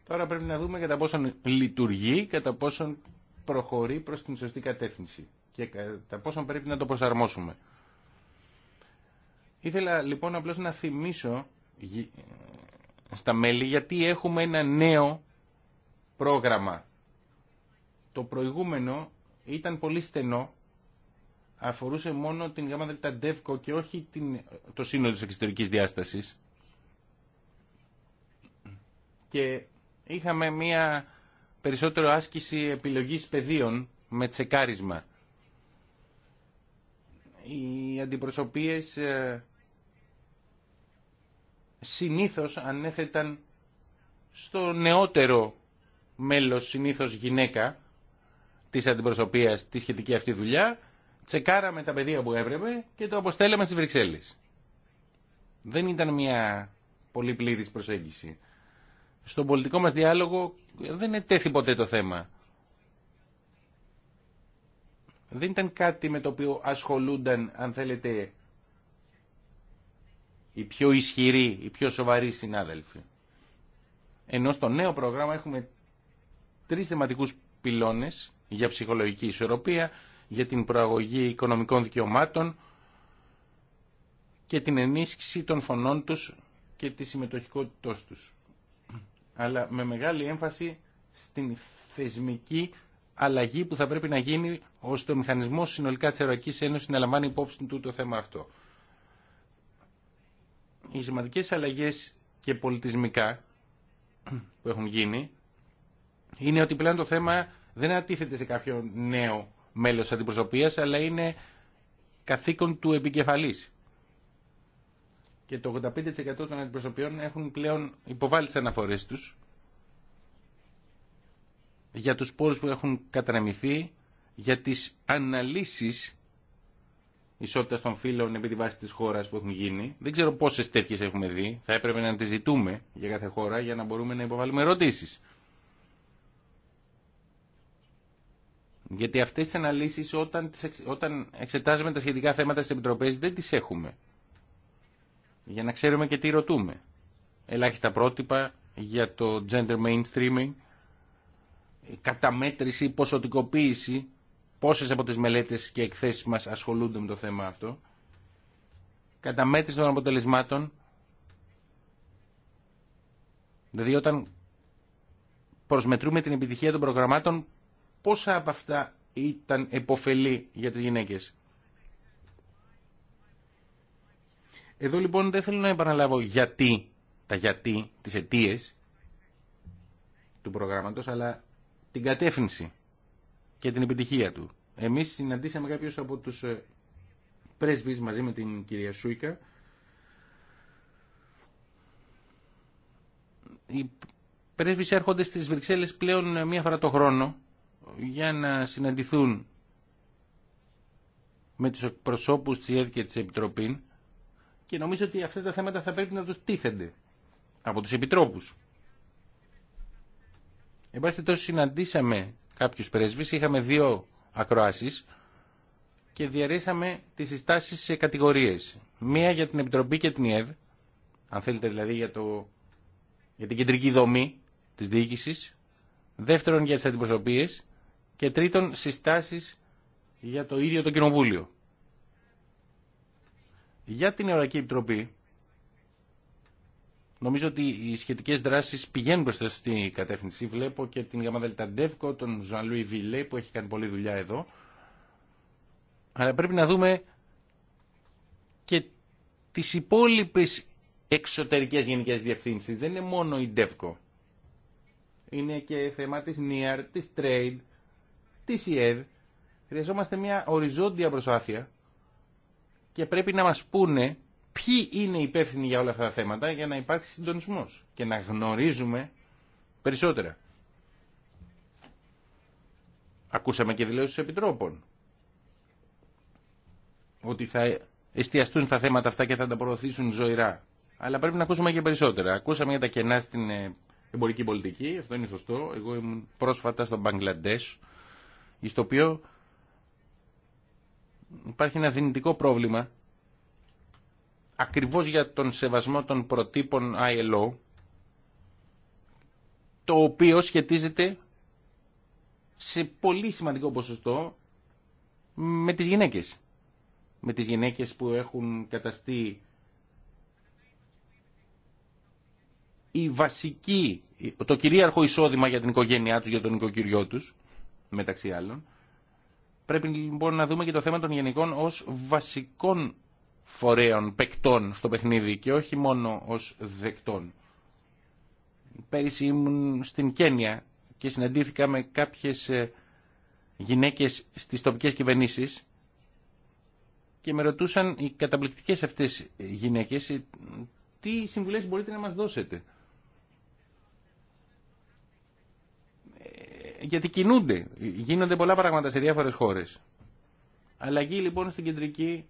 Τώρα πρέπει να δούμε κατά πόσον λειτουργεί, κατά πόσον προχωρεί προς την σωστή κατεύθυνση και κατά πόσον πρέπει να το προσαρμόσουμε. Ήθελα λοιπόν απλώς να θυμίσω στα μέλη γιατί έχουμε ένα νέο πρόγραμμα. Το προηγούμενο ήταν πολύ στενό, αφορούσε μόνο την γάμα δελτα και όχι την, το σύνολο της εξωτερικής διάστασης. Και είχαμε μία περισσότερο άσκηση επιλογής πεδίων με τσεκάρισμα. Οι αντιπροσωπείες ε, συνήθως ανέθεταν στο νεότερο μέλος, συνήθως γυναίκα, της αντιπροσωπείας τη σχετική αυτή δουλειά, τσεκάραμε τα παιδεία που έπρεπε και το αποστέλαμε στις Βρυξέλλες. Δεν ήταν μια πολύ πλήρης προσέγγιση. Στον πολιτικό μας διάλογο δεν ετέθη ποτέ το θέμα. Δεν ήταν κάτι με το οποίο ασχολούνταν, αν θέλετε, οι πιο ισχυροί, οι πιο σοβαροί συνάδελφοι. Ενώ στο νέο πρόγραμμα έχουμε τρεις θεματικούς πυλώνες για ψυχολογική ισορροπία, για την προαγωγή οικονομικών δικαιωμάτων και την ενίσχυση των φωνών τους και τη συμμετοχικότητός τους. Αλλά με μεγάλη έμφαση στην θεσμική αλλαγή που θα πρέπει να γίνει ώστε ο μηχανισμός συνολικά της Ευρωπαϊκής Ένωσης να λαμβάνει υπόψη του το θέμα αυτό οι σημαντικέ αλλαγές και πολιτισμικά που έχουν γίνει είναι ότι πλέον το θέμα δεν αντίθεται σε κάποιο νέο μέλος αντιπροσωπεία, αλλά είναι καθήκον του επικεφαλής. Και το 85% των αντιπροσωπείων έχουν πλέον υποβάλει τι αναφορές τους για τους πόρους που έχουν καταναμηθεί, για τις αναλύσεις ισότητα των φύλων επί τη βάση της χώρας που έχουν γίνει. Δεν ξέρω πόσες τέτοιε έχουμε δει. Θα έπρεπε να τι ζητούμε για κάθε χώρα για να μπορούμε να υποβάλουμε ερωτήσει. Γιατί αυτές τι αναλύσεις όταν, όταν εξετάζουμε τα σχετικά θέματα στι επιτροπές δεν τι έχουμε. Για να ξέρουμε και τι ρωτούμε. Ελάχιστα πρότυπα για το gender mainstreaming, καταμέτρηση, ποσοτικοποίηση πόσες από τις μελέτες και εκθέσεις μας ασχολούνται με το θέμα αυτό. Κατά μέτρηση των αποτελεσμάτων, δηλαδή όταν προσμετρούμε την επιτυχία των προγραμμάτων, πόσα από αυτά ήταν επωφελή για τις γυναίκες. Εδώ λοιπόν δεν θέλω να επαναλάβω γιατί, τα γιατί, τις αιτίες του προγράμματος, αλλά την κατεύθυνση και την επιτυχία του. Εμείς συναντήσαμε κάποιους από τους ε, πρέσβεις μαζί με την κυρία Σούικα. Οι πρέσβει έρχονται στις Βρυξέλλες πλέον ε, μία φορά το χρόνο για να συναντηθούν με τους προσώπους της ΕΔ και της Επιτροπή και νομίζω ότι αυτά τα θέματα θα πρέπει να τους τίθενται από τους Επιτρόπους. Εν πάση συναντήσαμε Κάποιου πρέσβει. είχαμε δύο ακροάσεις και διαρρήσαμε τι συστάσεις σε κατηγορίε. Μία για την Επιτροπή και την ΙΕΔ αν θέλετε δηλαδή για, το, για την κεντρική δομή της διοίκηση. δεύτερον για τι αντιπροσωπείε. και τρίτον συστάσεις για το ίδιο το Κοινοβούλιο. Για την Ευρωπαϊκή Επιτροπή Νομίζω ότι οι σχετικέ δράσει πηγαίνουν προ την κατεύθυνση. Βλέπω και την Γαμαδέλτα Ντεύκο, τον Ζανλουί Βιλέ που έχει κάνει πολλή δουλειά εδώ. Αλλά πρέπει να δούμε και τι υπόλοιπε εξωτερικέ γενικέ διευθύνσει. Δεν είναι μόνο η Ντεύκο. Είναι και θέμα τη ΝΙΑΡ, e τη Trade, τη ΙΕΔ. E Χρειαζόμαστε μια οριζόντια προσπάθεια και πρέπει να μα πούνε ποιοι είναι υπεύθυνοι για όλα αυτά τα θέματα για να υπάρξει συντονισμός και να γνωρίζουμε περισσότερα. Ακούσαμε και δηλώσεις επιτρόπων ότι θα εστιαστούν στα θέματα αυτά και θα τα προωθήσουν ζωηρά. Αλλά πρέπει να ακούσουμε και περισσότερα. Ακούσαμε για τα κενά στην ε, εμπορική πολιτική, αυτό είναι σωστό. Εγώ ήμουν πρόσφατα στο Μπαγκλαντές, στο οποίο υπάρχει ένα δυνητικό πρόβλημα ακριβώς για τον σεβασμό των προτύπων ILO, το οποίο σχετίζεται σε πολύ σημαντικό ποσοστό με τις γυναίκες. Με τις γυναίκες που έχουν καταστεί η βασική, το κυρίαρχο εισόδημα για την οικογένειά τους, για τον οικοκυριό τους, μεταξύ άλλων. Πρέπει λοιπόν να δούμε και το θέμα των γενικών ως βασικών φορέων, παικτών στο παιχνίδι και όχι μόνο ως δεκτών. Πέρυσι ήμουν στην Κένια και συναντήθηκα με κάποιες ε, γυναίκες στις τοπικές κυβερνήσεις και με ρωτούσαν οι καταπληκτικές αυτές γυναίκες ε, τι συμβουλές μπορείτε να μας δώσετε. Ε, γιατί κινούνται, γίνονται πολλά πράγματα σε διάφορες χώρες. Αλλαγή λοιπόν στην κεντρική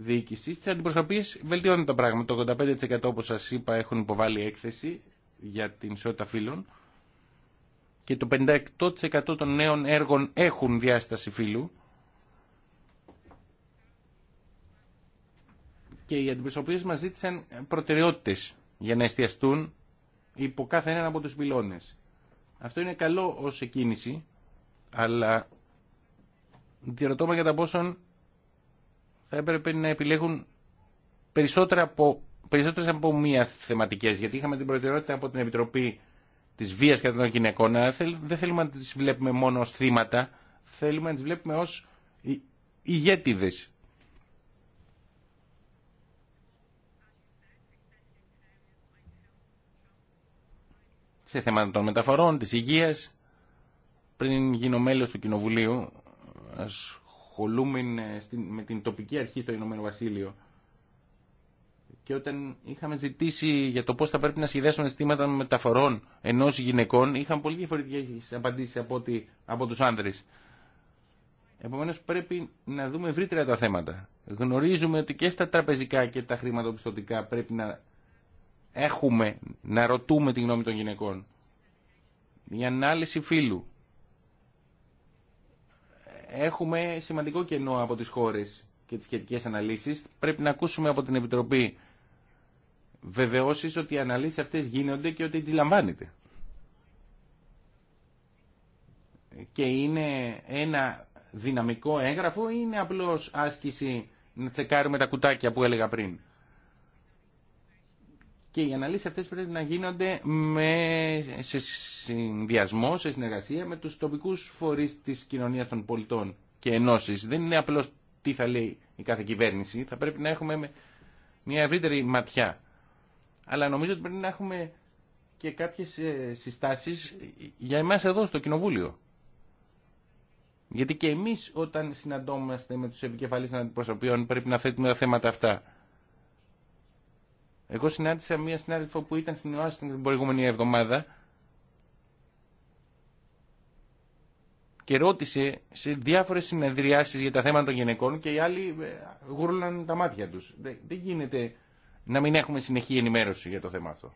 διοίκηση. Στι αντιπροσωπείε βελτιώνει το πράγμα. Το 85% όπω σα είπα έχουν υποβάλει έκθεση για την ισότητα φύλων και το 58% των νέων έργων έχουν διάσταση φύλου. Και οι αντιπροσωπείε μας ζήτησαν προτεραιότητες για να εστιαστούν υπό κάθε έναν από τους πυλώνε. Αυτό είναι καλό ως εκκίνηση, αλλά με κατά πόσον θα έπρεπε να επιλέγουν περισσότερα από, περισσότερες από μία θεματικές, γιατί είχαμε την προτεραιότητα από την Επιτροπή της Βίας κατά των γυναικών, αλλά δεν θέλουμε να τις βλέπουμε μόνο ως θύματα, θέλουμε να τις βλέπουμε ως ηγέτιδες. Σε θέματα των μεταφορών, της υγείας, πριν γίνω μέλος του Κοινοβουλίου, ασχολούμεν με την τοπική αρχή στο Ηνωμένο Βασίλειο και όταν είχαμε ζητήσει για το πώς θα πρέπει να σχεδέσουμε αισθήματα μεταφορών ενός γυναικών είχαν πολύ διαφορετικέ απαντήσεις από, ότι, από τους άνδρες. Επομένως πρέπει να δούμε ευρύτερα τα θέματα. Γνωρίζουμε ότι και στα τραπεζικά και τα χρηματοπιστωτικά πρέπει να έχουμε, να ρωτούμε τη γνώμη των γυναικών. Η ανάλυση φύλου έχουμε σημαντικό κενό από τις χώρες και τις σχετικές αναλύσεις. Πρέπει να ακούσουμε από την Επιτροπή βεβαιώσεις ότι οι αναλύσεις αυτές γίνονται και ότι τις λαμβάνετε. Και είναι ένα δυναμικό έγγραφο ή είναι απλώς άσκηση να τσεκάρουμε τα κουτάκια που έλεγα πριν. Και οι αναλύσει αυτέ πρέπει να γίνονται με, σε συνδυασμό, σε συνεργασία με τους τοπικούς φορείς της κοινωνίας των πολιτών και ενώσει. Δεν είναι απλώς τι θα λέει η κάθε κυβέρνηση, θα πρέπει να έχουμε μια ευρύτερη ματιά. Αλλά νομίζω ότι πρέπει να έχουμε και κάποιες ε, συστάσεις για εμάς εδώ στο Κοινοβούλιο. Γιατί και εμεί, όταν συναντόμαστε με τους επικεφαλείς αντιπροσωπείων πρέπει να θέτουμε τα θέματα αυτά. Εγώ συνάντησα μία συνάδελφο που ήταν στην ΟΑΣ την προηγούμενη εβδομάδα και ρώτησε σε διάφορες συνεδριάσεις για τα θέματα των γυναικών και οι άλλοι ε, γούρλαν τα μάτια τους. Δεν γίνεται να μην έχουμε συνεχή ενημέρωση για το θέμα αυτό.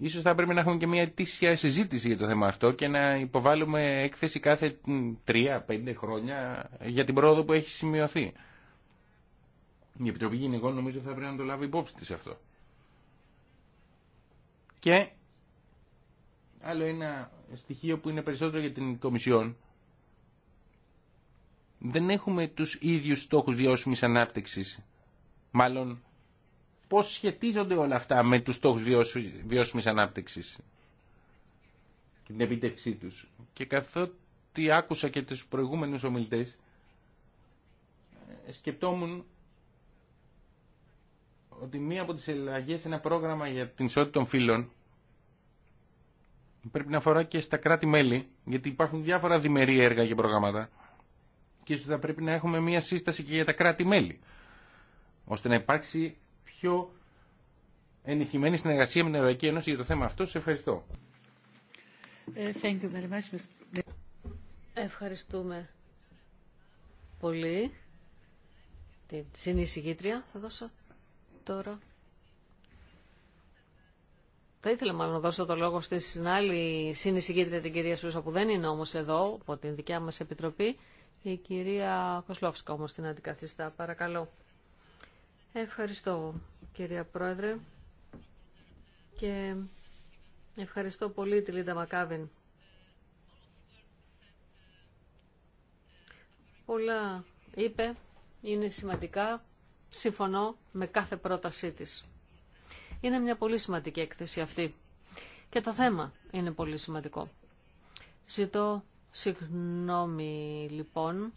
Ίσως θα πρέπει να έχουμε και μια αιτήσια συζήτηση για το θέμα αυτό και να υποβάλουμε έκθεση κάθε τρία-πέντε χρόνια για την πρόοδο που έχει σημειωθεί. Η Επιτροπή Γυναικών νομίζω θα πρέπει να το λάβει υπόψη της αυτό. Και άλλο ένα στοιχείο που είναι περισσότερο για την Κομισιόν. Δεν έχουμε τους ίδιους στόχους βιώσιμης ανάπτυξης. Μάλλον πώς σχετίζονται όλα αυτά με τους στόχους βιώσιμης ανάπτυξης και την επίτευξή τους. Και καθότι άκουσα και τους προηγούμενους ομιλητές, ε, σκεπτόμουν ότι μία από τις σε ένα πρόγραμμα για την ισότητα των φύλων πρέπει να αφορά και στα κράτη-μέλη, γιατί υπάρχουν διάφορα διμερή έργα και προγράμματα και ίσως θα πρέπει να έχουμε μία σύσταση και για τα κράτη-μέλη, ώστε να υπάρξει πιο ενισχυμένη συνεργασία με την Ευρωπαϊκή Ένωση για το θέμα αυτό. Σε ευχαριστώ. Ε, thank you very much. Ευχαριστούμε πολύ την συνεισηγήτρια. Θα δώσω τώρα. Θα ήθελα μάλλον να δώσω το λόγο στη άλλη συνεισηγήτρια την κυρία Σούσα που δεν είναι όμως εδώ από την δικιά μας επιτροπή. Η κυρία Κοσλόφσκα όμως την αντικαθιστά. Παρακαλώ. Ευχαριστώ κυρία Πρόεδρε και ευχαριστώ πολύ τη Λίντα Μακάβιν. Πολλά είπε, είναι σημαντικά συμφωνώ με κάθε πρότασή της. Είναι μια πολύ σημαντική έκθεση αυτή. Και το θέμα είναι πολύ σημαντικό. Ζητώ συγγνώμη λοιπόν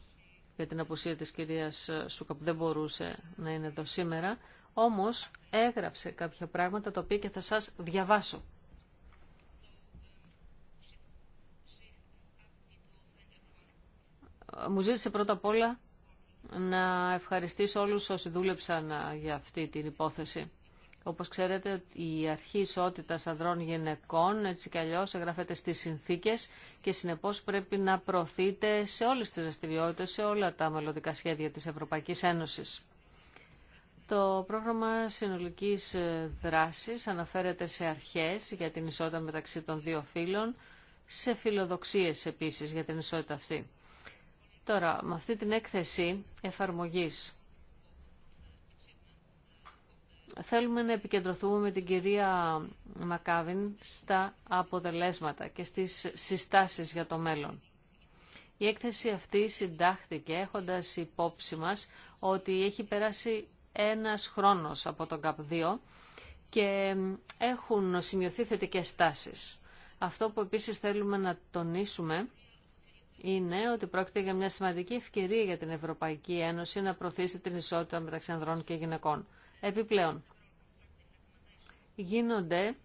για την απουσία της κυρίας Σούκα που δεν μπορούσε να είναι εδώ σήμερα, όμως έγραψε κάποια πράγματα τα οποία και θα σας διαβάσω. Μου ζήτησε πρώτα απ' όλα να ευχαριστήσω όλους όσοι δούλεψαν για αυτή την υπόθεση. Όπως ξέρετε, η αρχή ισότητας ανδρών γυναικών έτσι κι αλλιώς εγγραφέται στις συνθήκες και συνεπώς πρέπει να προωθείται σε όλες τις δραστηριότητε, σε όλα τα μελλοντικά σχέδια της Ευρωπαϊκής Ένωσης. Το πρόγραμμα συνολικής ε, δράσης αναφέρεται σε αρχές για την ισότητα μεταξύ των δύο φύλων, σε φιλοδοξίες επίσης για την ισότητα αυτή. Τώρα, με αυτή την έκθεση εφαρμογής θέλουμε να επικεντρωθούμε με την κυρία Μακάβιν στα αποτελέσματα και στις συστάσεις για το μέλλον. Η έκθεση αυτή συντάχθηκε έχοντας υπόψη μας ότι έχει περάσει ένας χρόνος από τον ΚΑΠ 2 και έχουν σημειωθεί θετικές στάσεις. Αυτό που επίσης θέλουμε να τονίσουμε είναι ότι πρόκειται για μια σημαντική ευκαιρία για την Ευρωπαϊκή Ένωση να προωθήσει την ισότητα μεταξύ ανδρών και γυναικών. Επιπλέον, γίνονται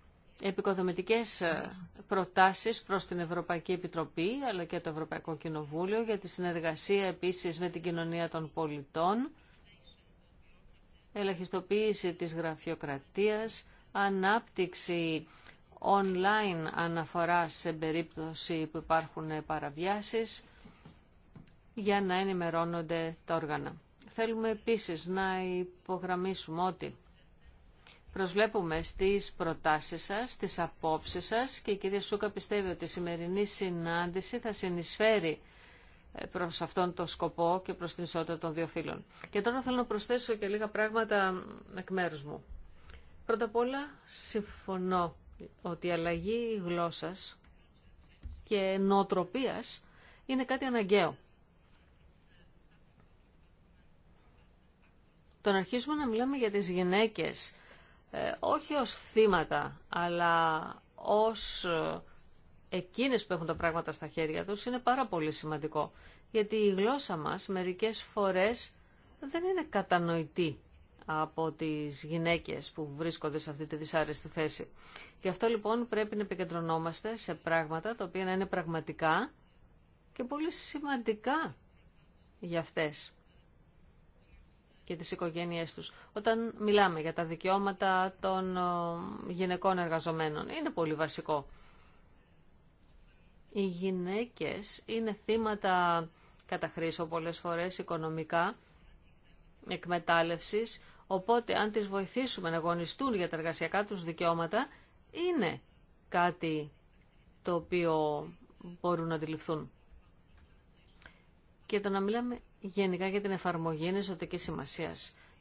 επικοδομητικές ε, προτάσεις προς την Ευρωπαϊκή Επιτροπή αλλά και το Ευρωπαϊκό Κοινοβούλιο για τη συνεργασία επίσης με την κοινωνία των πολιτών, ελαχιστοποίηση της γραφειοκρατίας, ανάπτυξη online αναφορά σε περίπτωση που υπάρχουν παραβιάσεις για να ενημερώνονται τα όργανα. Θέλουμε επίσης να υπογραμμίσουμε ότι προσβλέπουμε στις προτάσεις σας, στις απόψεις σας και η κυρία Σούκα πιστεύει ότι η σημερινή συνάντηση θα συνεισφέρει ε, προς αυτόν τον σκοπό και προς την ισότητα των δύο φίλων. Και τώρα θέλω να προσθέσω και λίγα πράγματα εκ μέρους μου. Πρώτα απ' όλα συμφωνώ ότι η αλλαγή γλώσσας και νοοτροπίας είναι κάτι αναγκαίο. Το να αρχίσουμε να μιλάμε για τις γυναίκες ε, όχι ως θύματα, αλλά ως ε, εκείνες που έχουν τα πράγματα στα χέρια τους είναι πάρα πολύ σημαντικό. Γιατί η γλώσσα μας μερικές φορές δεν είναι κατανοητή από τις γυναίκες που βρίσκονται σε αυτή τη δυσάρεστη θέση. Γι' αυτό λοιπόν πρέπει να επικεντρωνόμαστε σε πράγματα τα οποία να είναι πραγματικά και πολύ σημαντικά για αυτές και τις οικογένειές τους. Όταν μιλάμε για τα δικαιώματα των ε, γυναικών εργαζομένων, είναι πολύ βασικό. Οι γυναίκες είναι θύματα καταχρήσω πολλές φορές οικονομικά, εκμετάλλευσης, Οπότε αν τις βοηθήσουμε να αγωνιστούν για τα εργασιακά τους δικαιώματα, είναι κάτι το οποίο μπορούν να αντιληφθούν. Και το να μιλάμε γενικά για την εφαρμογή είναι ζωτική σημασία.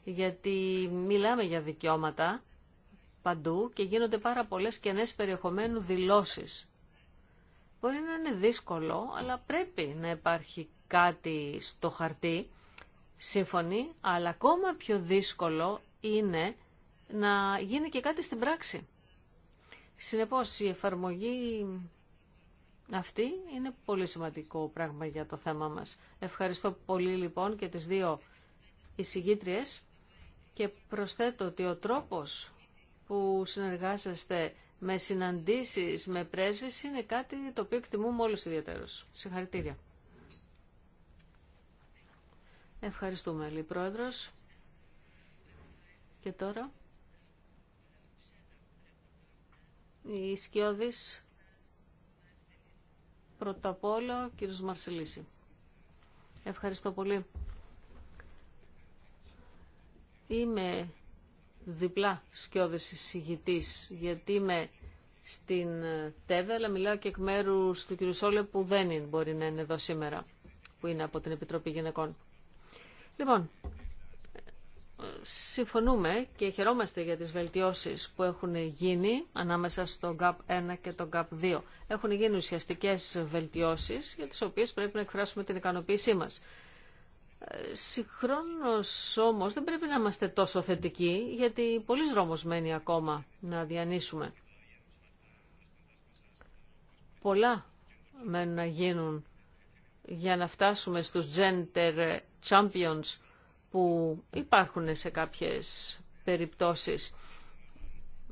Γιατί μιλάμε για δικαιώματα παντού και γίνονται πάρα πολλές κενές περιεχομένου δηλώσεις. Μπορεί να είναι δύσκολο, αλλά πρέπει να υπάρχει κάτι στο χαρτί σύμφωνοι, αλλά ακόμα πιο δύσκολο είναι να γίνει και κάτι στην πράξη. Συνεπώς η εφαρμογή αυτή είναι πολύ σημαντικό πράγμα για το θέμα μας. Ευχαριστώ πολύ λοιπόν και τις δύο εισηγήτριες και προσθέτω ότι ο τρόπος που συνεργάζεστε με συναντήσεις, με πρέσβεις είναι κάτι το οποίο εκτιμούμε όλους ιδιαίτερως. Συγχαρητήρια. Ευχαριστούμε, Λί Πρόεδρος. Και τώρα, η Σκιώδης, πρώτα απ' όλα, κύριος Μαρσελίση. Ευχαριστώ πολύ. Είμαι διπλά σκιώδης εισηγητής, γιατί είμαι στην Τέδα, αλλά μιλάω και εκ μέρου του κύριου Σόλε που δεν μπορεί να είναι εδώ σήμερα, που είναι από την Επιτροπή Γυναικών. Λοιπόν, συμφωνούμε και χαιρόμαστε για τις βελτιώσεις που έχουν γίνει ανάμεσα στο GAP 1 και το GAP 2. Έχουν γίνει ουσιαστικές βελτιώσεις για τις οποίες πρέπει να εκφράσουμε την ικανοποίησή μας. Ε, συγχρόνως όμως δεν πρέπει να είμαστε τόσο θετικοί γιατί πολλοί δρόμος μένει ακόμα να διανύσουμε. Πολλά μένουν να γίνουν για να φτάσουμε στους gender champions που υπάρχουν σε κάποιες περιπτώσεις.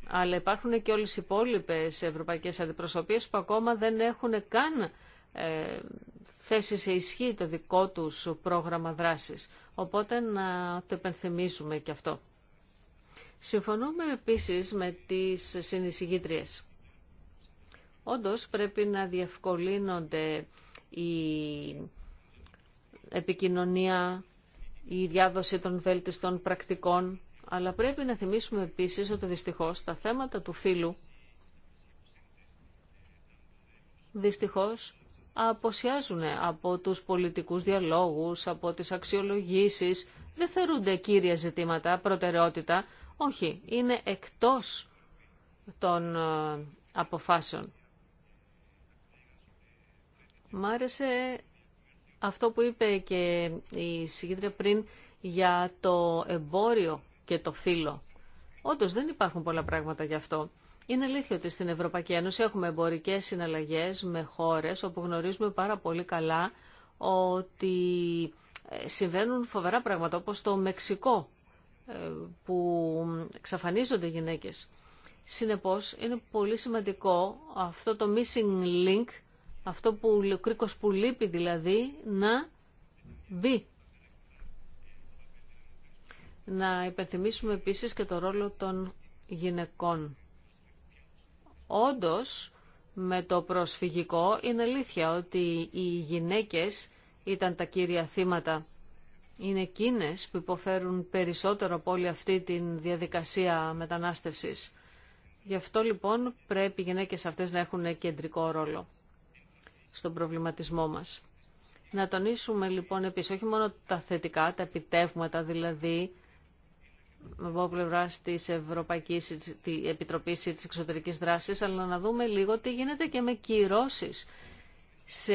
Αλλά υπάρχουν και όλες οι υπόλοιπες ευρωπαϊκές αντιπροσωπείες που ακόμα δεν έχουν καν ε, θέσει σε ισχύ το δικό τους πρόγραμμα δράσης. Οπότε να το επενθυμίζουμε και αυτό. Συμφωνούμε επίσης με τις συνεισηγήτριες. Όντως πρέπει να διευκολύνονται οι επικοινωνία, η διάδοση των βέλτιστων πρακτικών, αλλά πρέπει να θυμίσουμε επίσης ότι δυστυχώς τα θέματα του φύλου δυστυχώς αποσιάζουν από τους πολιτικούς διαλόγους, από τις αξιολογήσεις, δεν θεωρούνται κύρια ζητήματα, προτεραιότητα, όχι, είναι εκτός των ε, αποφάσεων. Μ' άρεσε αυτό που είπε και η συγκέντρια πριν για το εμπόριο και το φύλλο. Όντω δεν υπάρχουν πολλά πράγματα γι' αυτό. Είναι αλήθεια ότι στην Ευρωπαϊκή Ένωση έχουμε εμπορικέ συναλλαγές με χώρε όπου γνωρίζουμε πάρα πολύ καλά ότι ε, συμβαίνουν φοβερά πράγματα όπως το Μεξικό ε, που εξαφανίζονται γυναίκες. Συνεπώς είναι πολύ σημαντικό αυτό το missing link αυτό που ο κρίκος που λείπει δηλαδή να μπει. Να υπενθυμίσουμε επίσης και το ρόλο των γυναικών. Όντως, με το προσφυγικό είναι αλήθεια ότι οι γυναίκες ήταν τα κύρια θύματα. Είναι εκείνε που υποφέρουν περισσότερο από όλη αυτή τη διαδικασία μετανάστευσης. Γι' αυτό λοιπόν πρέπει οι γυναίκες αυτές να έχουν κεντρικό ρόλο στον προβληματισμό μας. Να τονίσουμε λοιπόν επίσης όχι μόνο τα θετικά, τα επιτεύγματα δηλαδή από πλευρά τη Ευρωπαϊκή Επιτροπή ή τη Εξωτερική Δράση, αλλά να δούμε λίγο τι γίνεται και με κυρώσει σε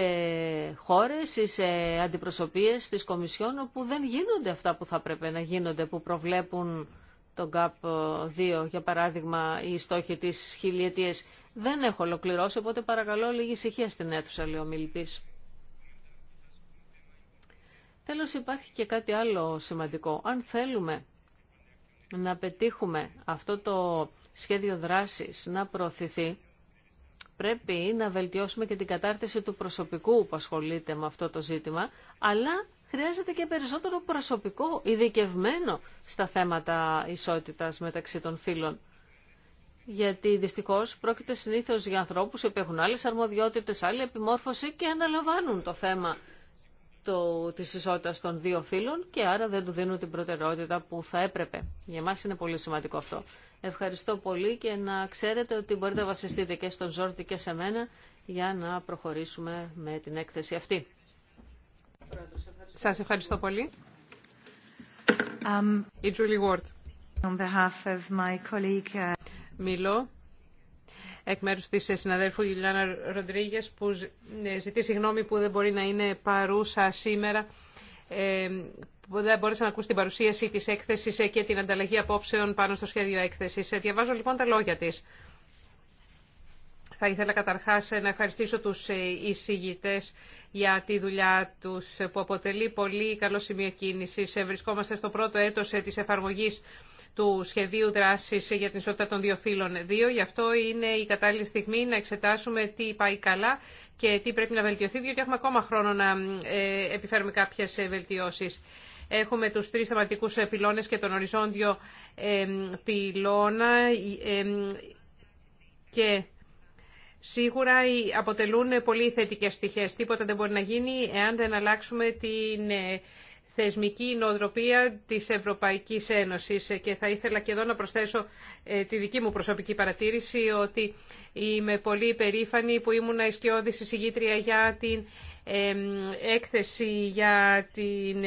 χώρες ή σε αντιπροσωπείες της Κομισιόν όπου δεν γίνονται αυτά που θα πρέπει να γίνονται, που προβλέπουν τον ΚΑΠ 2, για παράδειγμα, οι στόχοι της χιλιετίας. Δεν έχω ολοκληρώσει, οπότε παρακαλώ λίγη ησυχία στην αίθουσα, λέει ο μιλητή. Τέλος υπάρχει και κάτι άλλο σημαντικό. Αν θέλουμε να πετύχουμε αυτό το σχέδιο δράσης να προωθηθεί, πρέπει να βελτιώσουμε και την κατάρτιση του προσωπικού που ασχολείται με αυτό το ζήτημα, αλλά χρειάζεται και περισσότερο προσωπικό ειδικευμένο στα θέματα ισότητας μεταξύ των φύλων γιατί δυστυχώ πρόκειται συνήθως για ανθρώπους που έχουν άλλε αρμοδιότητες, άλλη επιμόρφωση και αναλαμβάνουν το θέμα το, της ισότητας των δύο φύλων και άρα δεν του δίνουν την προτεραιότητα που θα έπρεπε. Για μας είναι πολύ σημαντικό αυτό. Ευχαριστώ πολύ και να ξέρετε ότι μπορείτε να βασιστείτε και στον Ζόρτη και σε μένα για να προχωρήσουμε με την έκθεση αυτή. Σα ευχαριστώ πολύ. Um, On behalf of my colleague... Uh, Μιλώ εκ μέρου τη συναδέλφου Ιλιάνα Ροντρίγε που ναι, ζητεί συγγνώμη που δεν μπορεί να είναι παρούσα σήμερα ε, που δεν μπόρεσα να ακούσει την παρουσίαση της έκθεσης ε, και την ανταλλαγή απόψεων πάνω στο σχέδιο έκθεσης. Ε, διαβάζω λοιπόν τα λόγια τη. Θα ήθελα καταρχάς να ευχαριστήσω τους ε, εισηγητές για τη δουλειά τους ε, που αποτελεί πολύ καλό σημείο κίνησης. Ε, βρισκόμαστε στο πρώτο έτος της εφαρμογής του σχεδίου δράσης για την ισότητα των δύο φύλων 2. Γι' αυτό είναι η κατάλληλη στιγμή να εξετάσουμε τι πάει καλά και τι πρέπει να βελτιωθεί, διότι έχουμε ακόμα χρόνο να επιφέρουμε κάποιες βελτιώσεις. Έχουμε τους τρεις θεματικούς πυλώνες και τον οριζόντιο πυλώνα και σίγουρα αποτελούν πολύ θετικές πτυχές. Τίποτα δεν μπορεί να γίνει εάν δεν αλλάξουμε την ε, θεσμική νοοτροπία της Ευρωπαϊκής Ένωσης ε, και θα ήθελα και εδώ να προσθέσω ε, τη δική μου προσωπική παρατήρηση ότι είμαι πολύ περήφανη που ήμουν ισκιώδης συγγήτρια για την έκθεση για την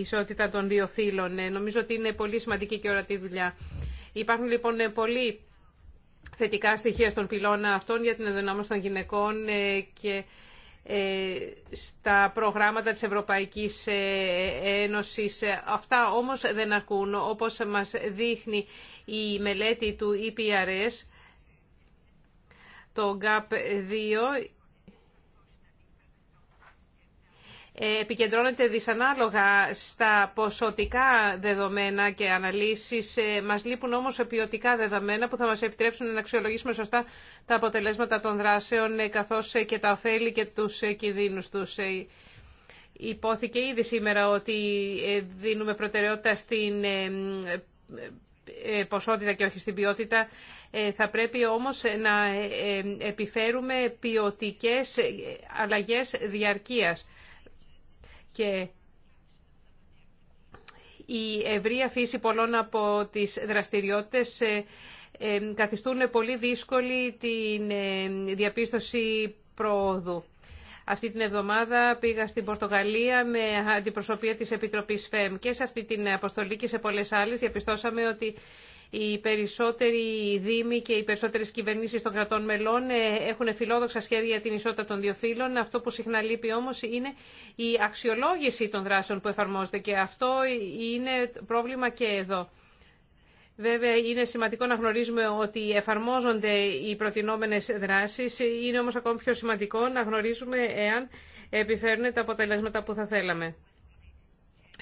ισότητα των δύο φύλων. Νομίζω ότι είναι πολύ σημαντική και ορατή δουλειά. Υπάρχουν λοιπόν πολλοί θετικά στοιχεία στον πυλώνα αυτών για την ενδυνάμωση των γυναικών ε, και ε, στα προγράμματα της Ευρωπαϊκής ε, Ένωσης. Αυτά όμως δεν ακούν, Όπως μας δείχνει η μελέτη του EPRS, το GAP 2 Ε, επικεντρώνεται δυσανάλογα στα ποσοτικά δεδομένα και αναλύσεις. Ε, μας λείπουν όμως ποιοτικά δεδομένα που θα μας επιτρέψουν να αξιολογήσουμε σωστά τα αποτελέσματα των δράσεων ε, καθώς και τα ωφέλη και τους κινδύνους τους. Υπόθηκε ήδη σήμερα ότι δίνουμε προτεραιότητα στην ποσότητα και όχι στην ποιότητα. Θα πρέπει όμως να επιφέρουμε ποιοτικές αλλαγές διαρκείας και η ευρεία φύση πολλών από τις δραστηριότητες ε, ε, καθιστούν πολύ δύσκολη την ε, διαπίστωση πρόοδου. Αυτή την εβδομάδα πήγα στην Πορτογαλία με αντιπροσωπεία της Επιτροπής ΦΕΜ και σε αυτή την αποστολή και σε πολλές άλλες διαπιστώσαμε ότι οι περισσότεροι δήμοι και οι περισσότερες κυβερνήσεις των κρατών μελών ε, έχουν φιλόδοξα σχέδια για την ισότητα των δύο φύλων. Αυτό που συχνά λείπει όμως είναι η αξιολόγηση των δράσεων που εφαρμόζεται και αυτό είναι πρόβλημα και εδώ. Βέβαια, είναι σημαντικό να γνωρίζουμε ότι εφαρμόζονται οι προτινόμενες δράσεις. Είναι όμως ακόμη πιο σημαντικό να γνωρίζουμε εάν επιφέρουν τα αποτελέσματα που θα θέλαμε.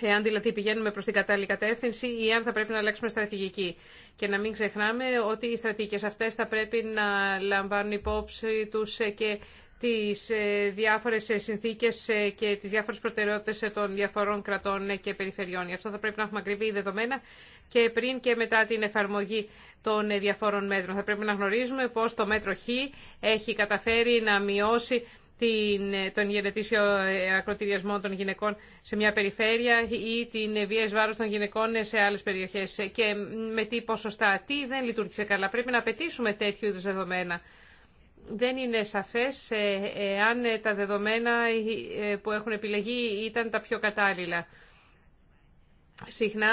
Εάν δηλαδή πηγαίνουμε προς την κατάλληλη κατεύθυνση ή αν θα πρέπει να αλλάξουμε στρατηγική. Και να μην ξεχνάμε ότι οι στρατηγικές αυτές θα πρέπει να λαμβάνουν υπόψη τους ε, και τις ε, διάφορες ε, συνθήκες και τις διάφορες προτεραιότητες των διαφορών κρατών και περιφερειών. Γι' αυτό θα πρέπει να έχουμε ακριβή δεδομένα και πριν και μετά την εφαρμογή των διαφόρων μέτρων. Θα πρέπει να γνωρίζουμε πώς το μέτρο Χ έχει καταφέρει να μειώσει την, τον γενετήσιο ακροτηριασμό των γυναικών σε μια περιφέρεια ή την βία βάρους των γυναικών σε άλλες περιοχές και με τι ποσοστά. Τι δεν λειτουργήσε καλά. Πρέπει να απαιτήσουμε τέτοιου είδους δεδομένα. Δεν είναι σαφές αν ε, τα δεδομένα ε, που έχουν επιλεγεί ήταν τα πιο κατάλληλα. Συχνά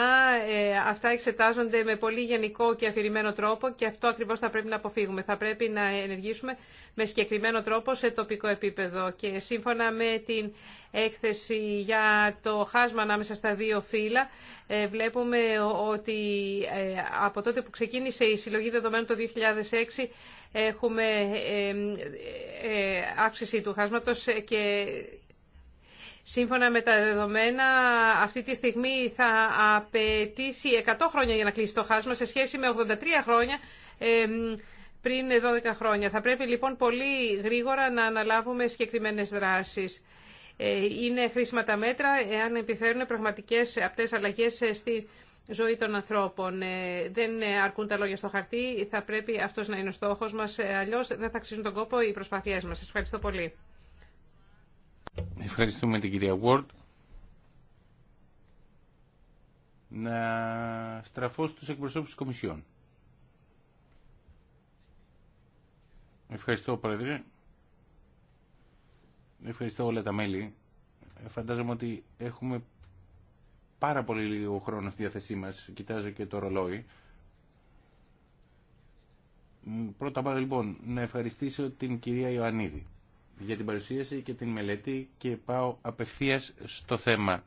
ε, αυτά εξετάζονται με πολύ γενικό και αφηρημένο τρόπο και αυτό ακριβώς θα πρέπει να αποφύγουμε. Θα πρέπει να ενεργήσουμε με συγκεκριμένο τρόπο σε τοπικό επίπεδο και σύμφωνα με την έκθεση για το χάσμα ανάμεσα στα δύο φύλλα ε, βλέπουμε ότι ε, από τότε που ξεκίνησε η συλλογή δεδομένων το 2006 έχουμε αύξηση του χάσματος και Σύμφωνα με τα δεδομένα, αυτή τη στιγμή θα απαιτήσει 100 χρόνια για να κλείσει το χάσμα σε σχέση με 83 χρόνια πριν 12 χρόνια. Θα πρέπει λοιπόν πολύ γρήγορα να αναλάβουμε συγκεκριμένες δράσεις. Ε, είναι χρήσιμα τα μέτρα εάν επιφέρουν πραγματικές απτές αλλαγές στη ζωή των ανθρώπων. Ε, δεν αρκούν τα λόγια στο χαρτί, θα πρέπει αυτός να είναι ο στόχος μας, ε, αλλιώς δεν θα αξίζουν τον κόπο οι προσπάθειές μας. Σας ευχαριστώ πολύ. Ευχαριστούμε την κυρία Ward. Να στραφώ στους εκπροσώπους της Κομισιόν. Ευχαριστώ, Πρόεδρε. Ευχαριστώ όλα τα μέλη. Φαντάζομαι ότι έχουμε πάρα πολύ λίγο χρόνο στη διάθεσή μας. Κοιτάζω και το ρολόι. Πρώτα απ' όλα, λοιπόν, να ευχαριστήσω την κυρία Ιωαννίδη για την παρουσίαση και την μελέτη και πάω απευθείας στο θέμα.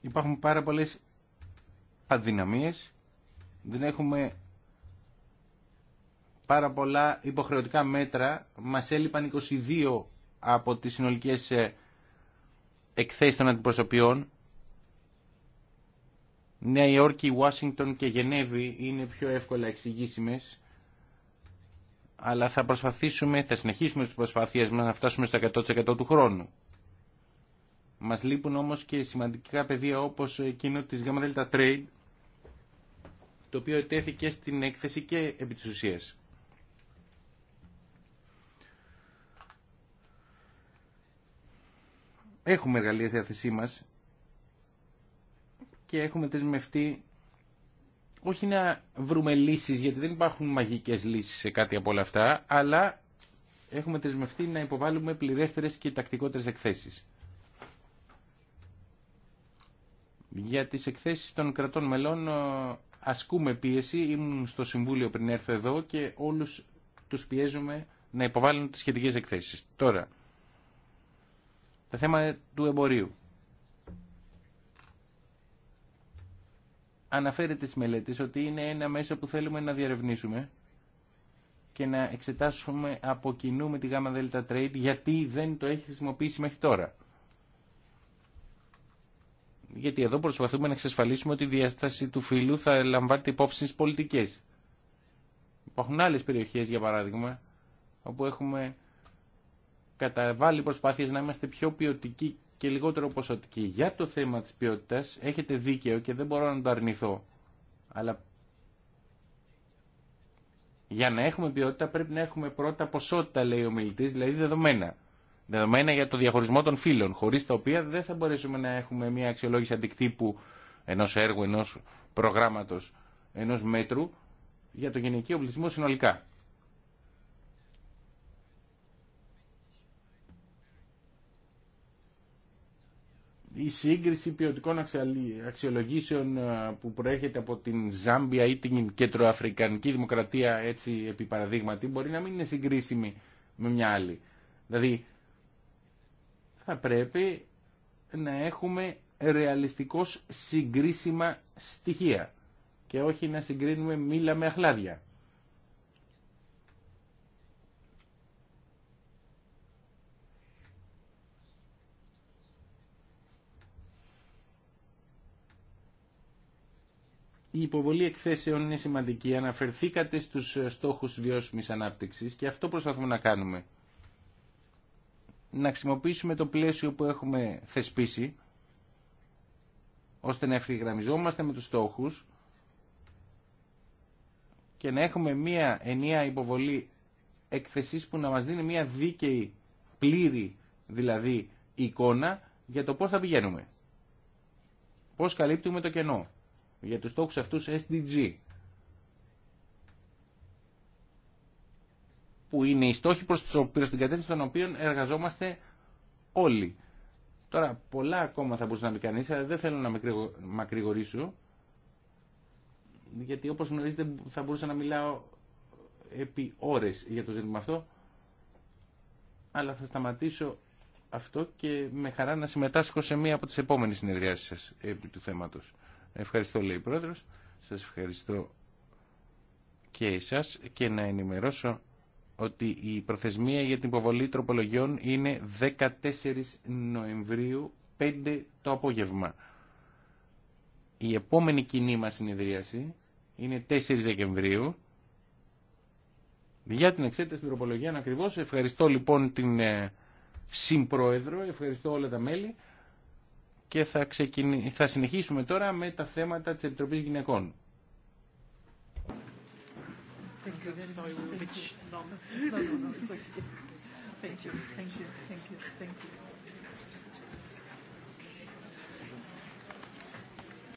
Υπάρχουν πάρα πολλές αδυναμίες, δεν έχουμε πάρα πολλά υποχρεωτικά μέτρα. Μας έλειπαν 22 από τις συνολικές ε, εκθέσεις των αντιπροσωπιών Νέα Υόρκη, Ουάσιγκτον και Γενέβη είναι πιο εύκολα εξηγήσιμε. αλλά θα προσπαθήσουμε, θα συνεχίσουμε τις προσπαθίες μας να φτάσουμε στο 100% του χρόνου. Μας λείπουν όμως και σημαντικά πεδία όπως εκείνο της ΓΔ Trade, το οποίο ετέθηκε στην έκθεση και επί της ουσίας. Έχουμε εργαλεία στη διάθεσή μας και έχουμε δεσμευτεί όχι να βρούμε λύσει γιατί δεν υπάρχουν μαγικές λύσεις σε κάτι από όλα αυτά, αλλά έχουμε δεσμευτεί να υποβάλουμε πληρέστερες και τακτικότερε εκθέσεις. Για τις εκθέσεις των κρατών μελών ε, ασκούμε πίεση. Ήμουν στο Συμβούλιο πριν έρθω εδώ και όλους τους πιέζουμε να υποβάλουν τι σχετικέ εκθέσει. Τώρα, τα το θέμα του εμπορίου. αναφέρεται στις μελέτες ότι είναι ένα μέσο που θέλουμε να διαρευνήσουμε και να εξετάσουμε από κοινού με τη γάμα δέλτα γιατί δεν το έχει χρησιμοποιήσει μέχρι τώρα. Γιατί εδώ προσπαθούμε να εξασφαλίσουμε ότι η διάσταση του φύλου θα λαμβάνεται υπόψη στις πολιτικές. Υπάρχουν άλλες περιοχές, για παράδειγμα, όπου έχουμε καταβάλει προσπάθειες να είμαστε πιο ποιοτικοί και λιγότερο ποσοτική. Για το θέμα της ποιότητας έχετε δίκαιο και δεν μπορώ να το αρνηθώ. Αλλά για να έχουμε ποιότητα πρέπει να έχουμε πρώτα ποσότητα, λέει ο μιλητής, δηλαδή δεδομένα. Δεδομένα για το διαχωρισμό των φύλων, χωρίς τα οποία δεν θα μπορέσουμε να έχουμε μια αξιολόγηση αντικτύπου ενός έργου, ενός προγράμματος, ενός μέτρου για το γενική πληθυσμό συνολικά. η σύγκριση ποιοτικών αξιολογήσεων ε, που προέρχεται από την Ζάμπια ή την Κεντροαφρικανική Δημοκρατία έτσι επί παραδείγματι μπορεί να μην είναι συγκρίσιμη με μια άλλη. Δηλαδή θα πρέπει να έχουμε ρεαλιστικώς συγκρίσιμα στοιχεία και όχι να συγκρίνουμε μήλα με αχλάδια. η υποβολή εκθέσεων είναι σημαντική. Αναφερθήκατε στους στόχους βιώσιμης ανάπτυξης και αυτό προσπαθούμε να κάνουμε. Να χρησιμοποιήσουμε το πλαίσιο που έχουμε θεσπίσει, ώστε να ευθυγραμμιζόμαστε με τους στόχους και να έχουμε μία ενιαία υποβολή εκθεσής που να μας δίνει μία δίκαιη, πλήρη δηλαδή εικόνα για το πώς θα πηγαίνουμε. Πώς καλύπτουμε το κενό για τους στόχους αυτούς SDG. Που είναι οι στόχοι προς, τους, την κατεύθυνση των οποίων εργαζόμαστε όλοι. Τώρα πολλά ακόμα θα μπορούσε να πει κανείς αλλά δεν θέλω να μακρηγορήσω. Γιατί όπως γνωρίζετε θα μπορούσα να μιλάω επί ώρες για το ζήτημα αυτό. Αλλά θα σταματήσω αυτό και με χαρά να συμμετάσχω σε μία από τις επόμενες συνεδριάσεις σας επί του θέματος. Ευχαριστώ λέει η Πρόεδρος, σας ευχαριστώ και εσάς και να ενημερώσω ότι η προθεσμία για την υποβολή τροπολογιών είναι 14 Νοεμβρίου 5 το απόγευμα. Η επόμενη κοινή μας συνεδρίαση είναι 4 Δεκεμβρίου για την εξέταση τροπολογιών ακριβώς. Ευχαριστώ λοιπόν την ε, συμπρόεδρο, ευχαριστώ όλα τα μέλη και θα, ξεκινη... θα συνεχίσουμε τώρα με τα θέματα της Επιτροπής Γυναικών. Thank you. Thank you. Thank you. Thank you. Thank you.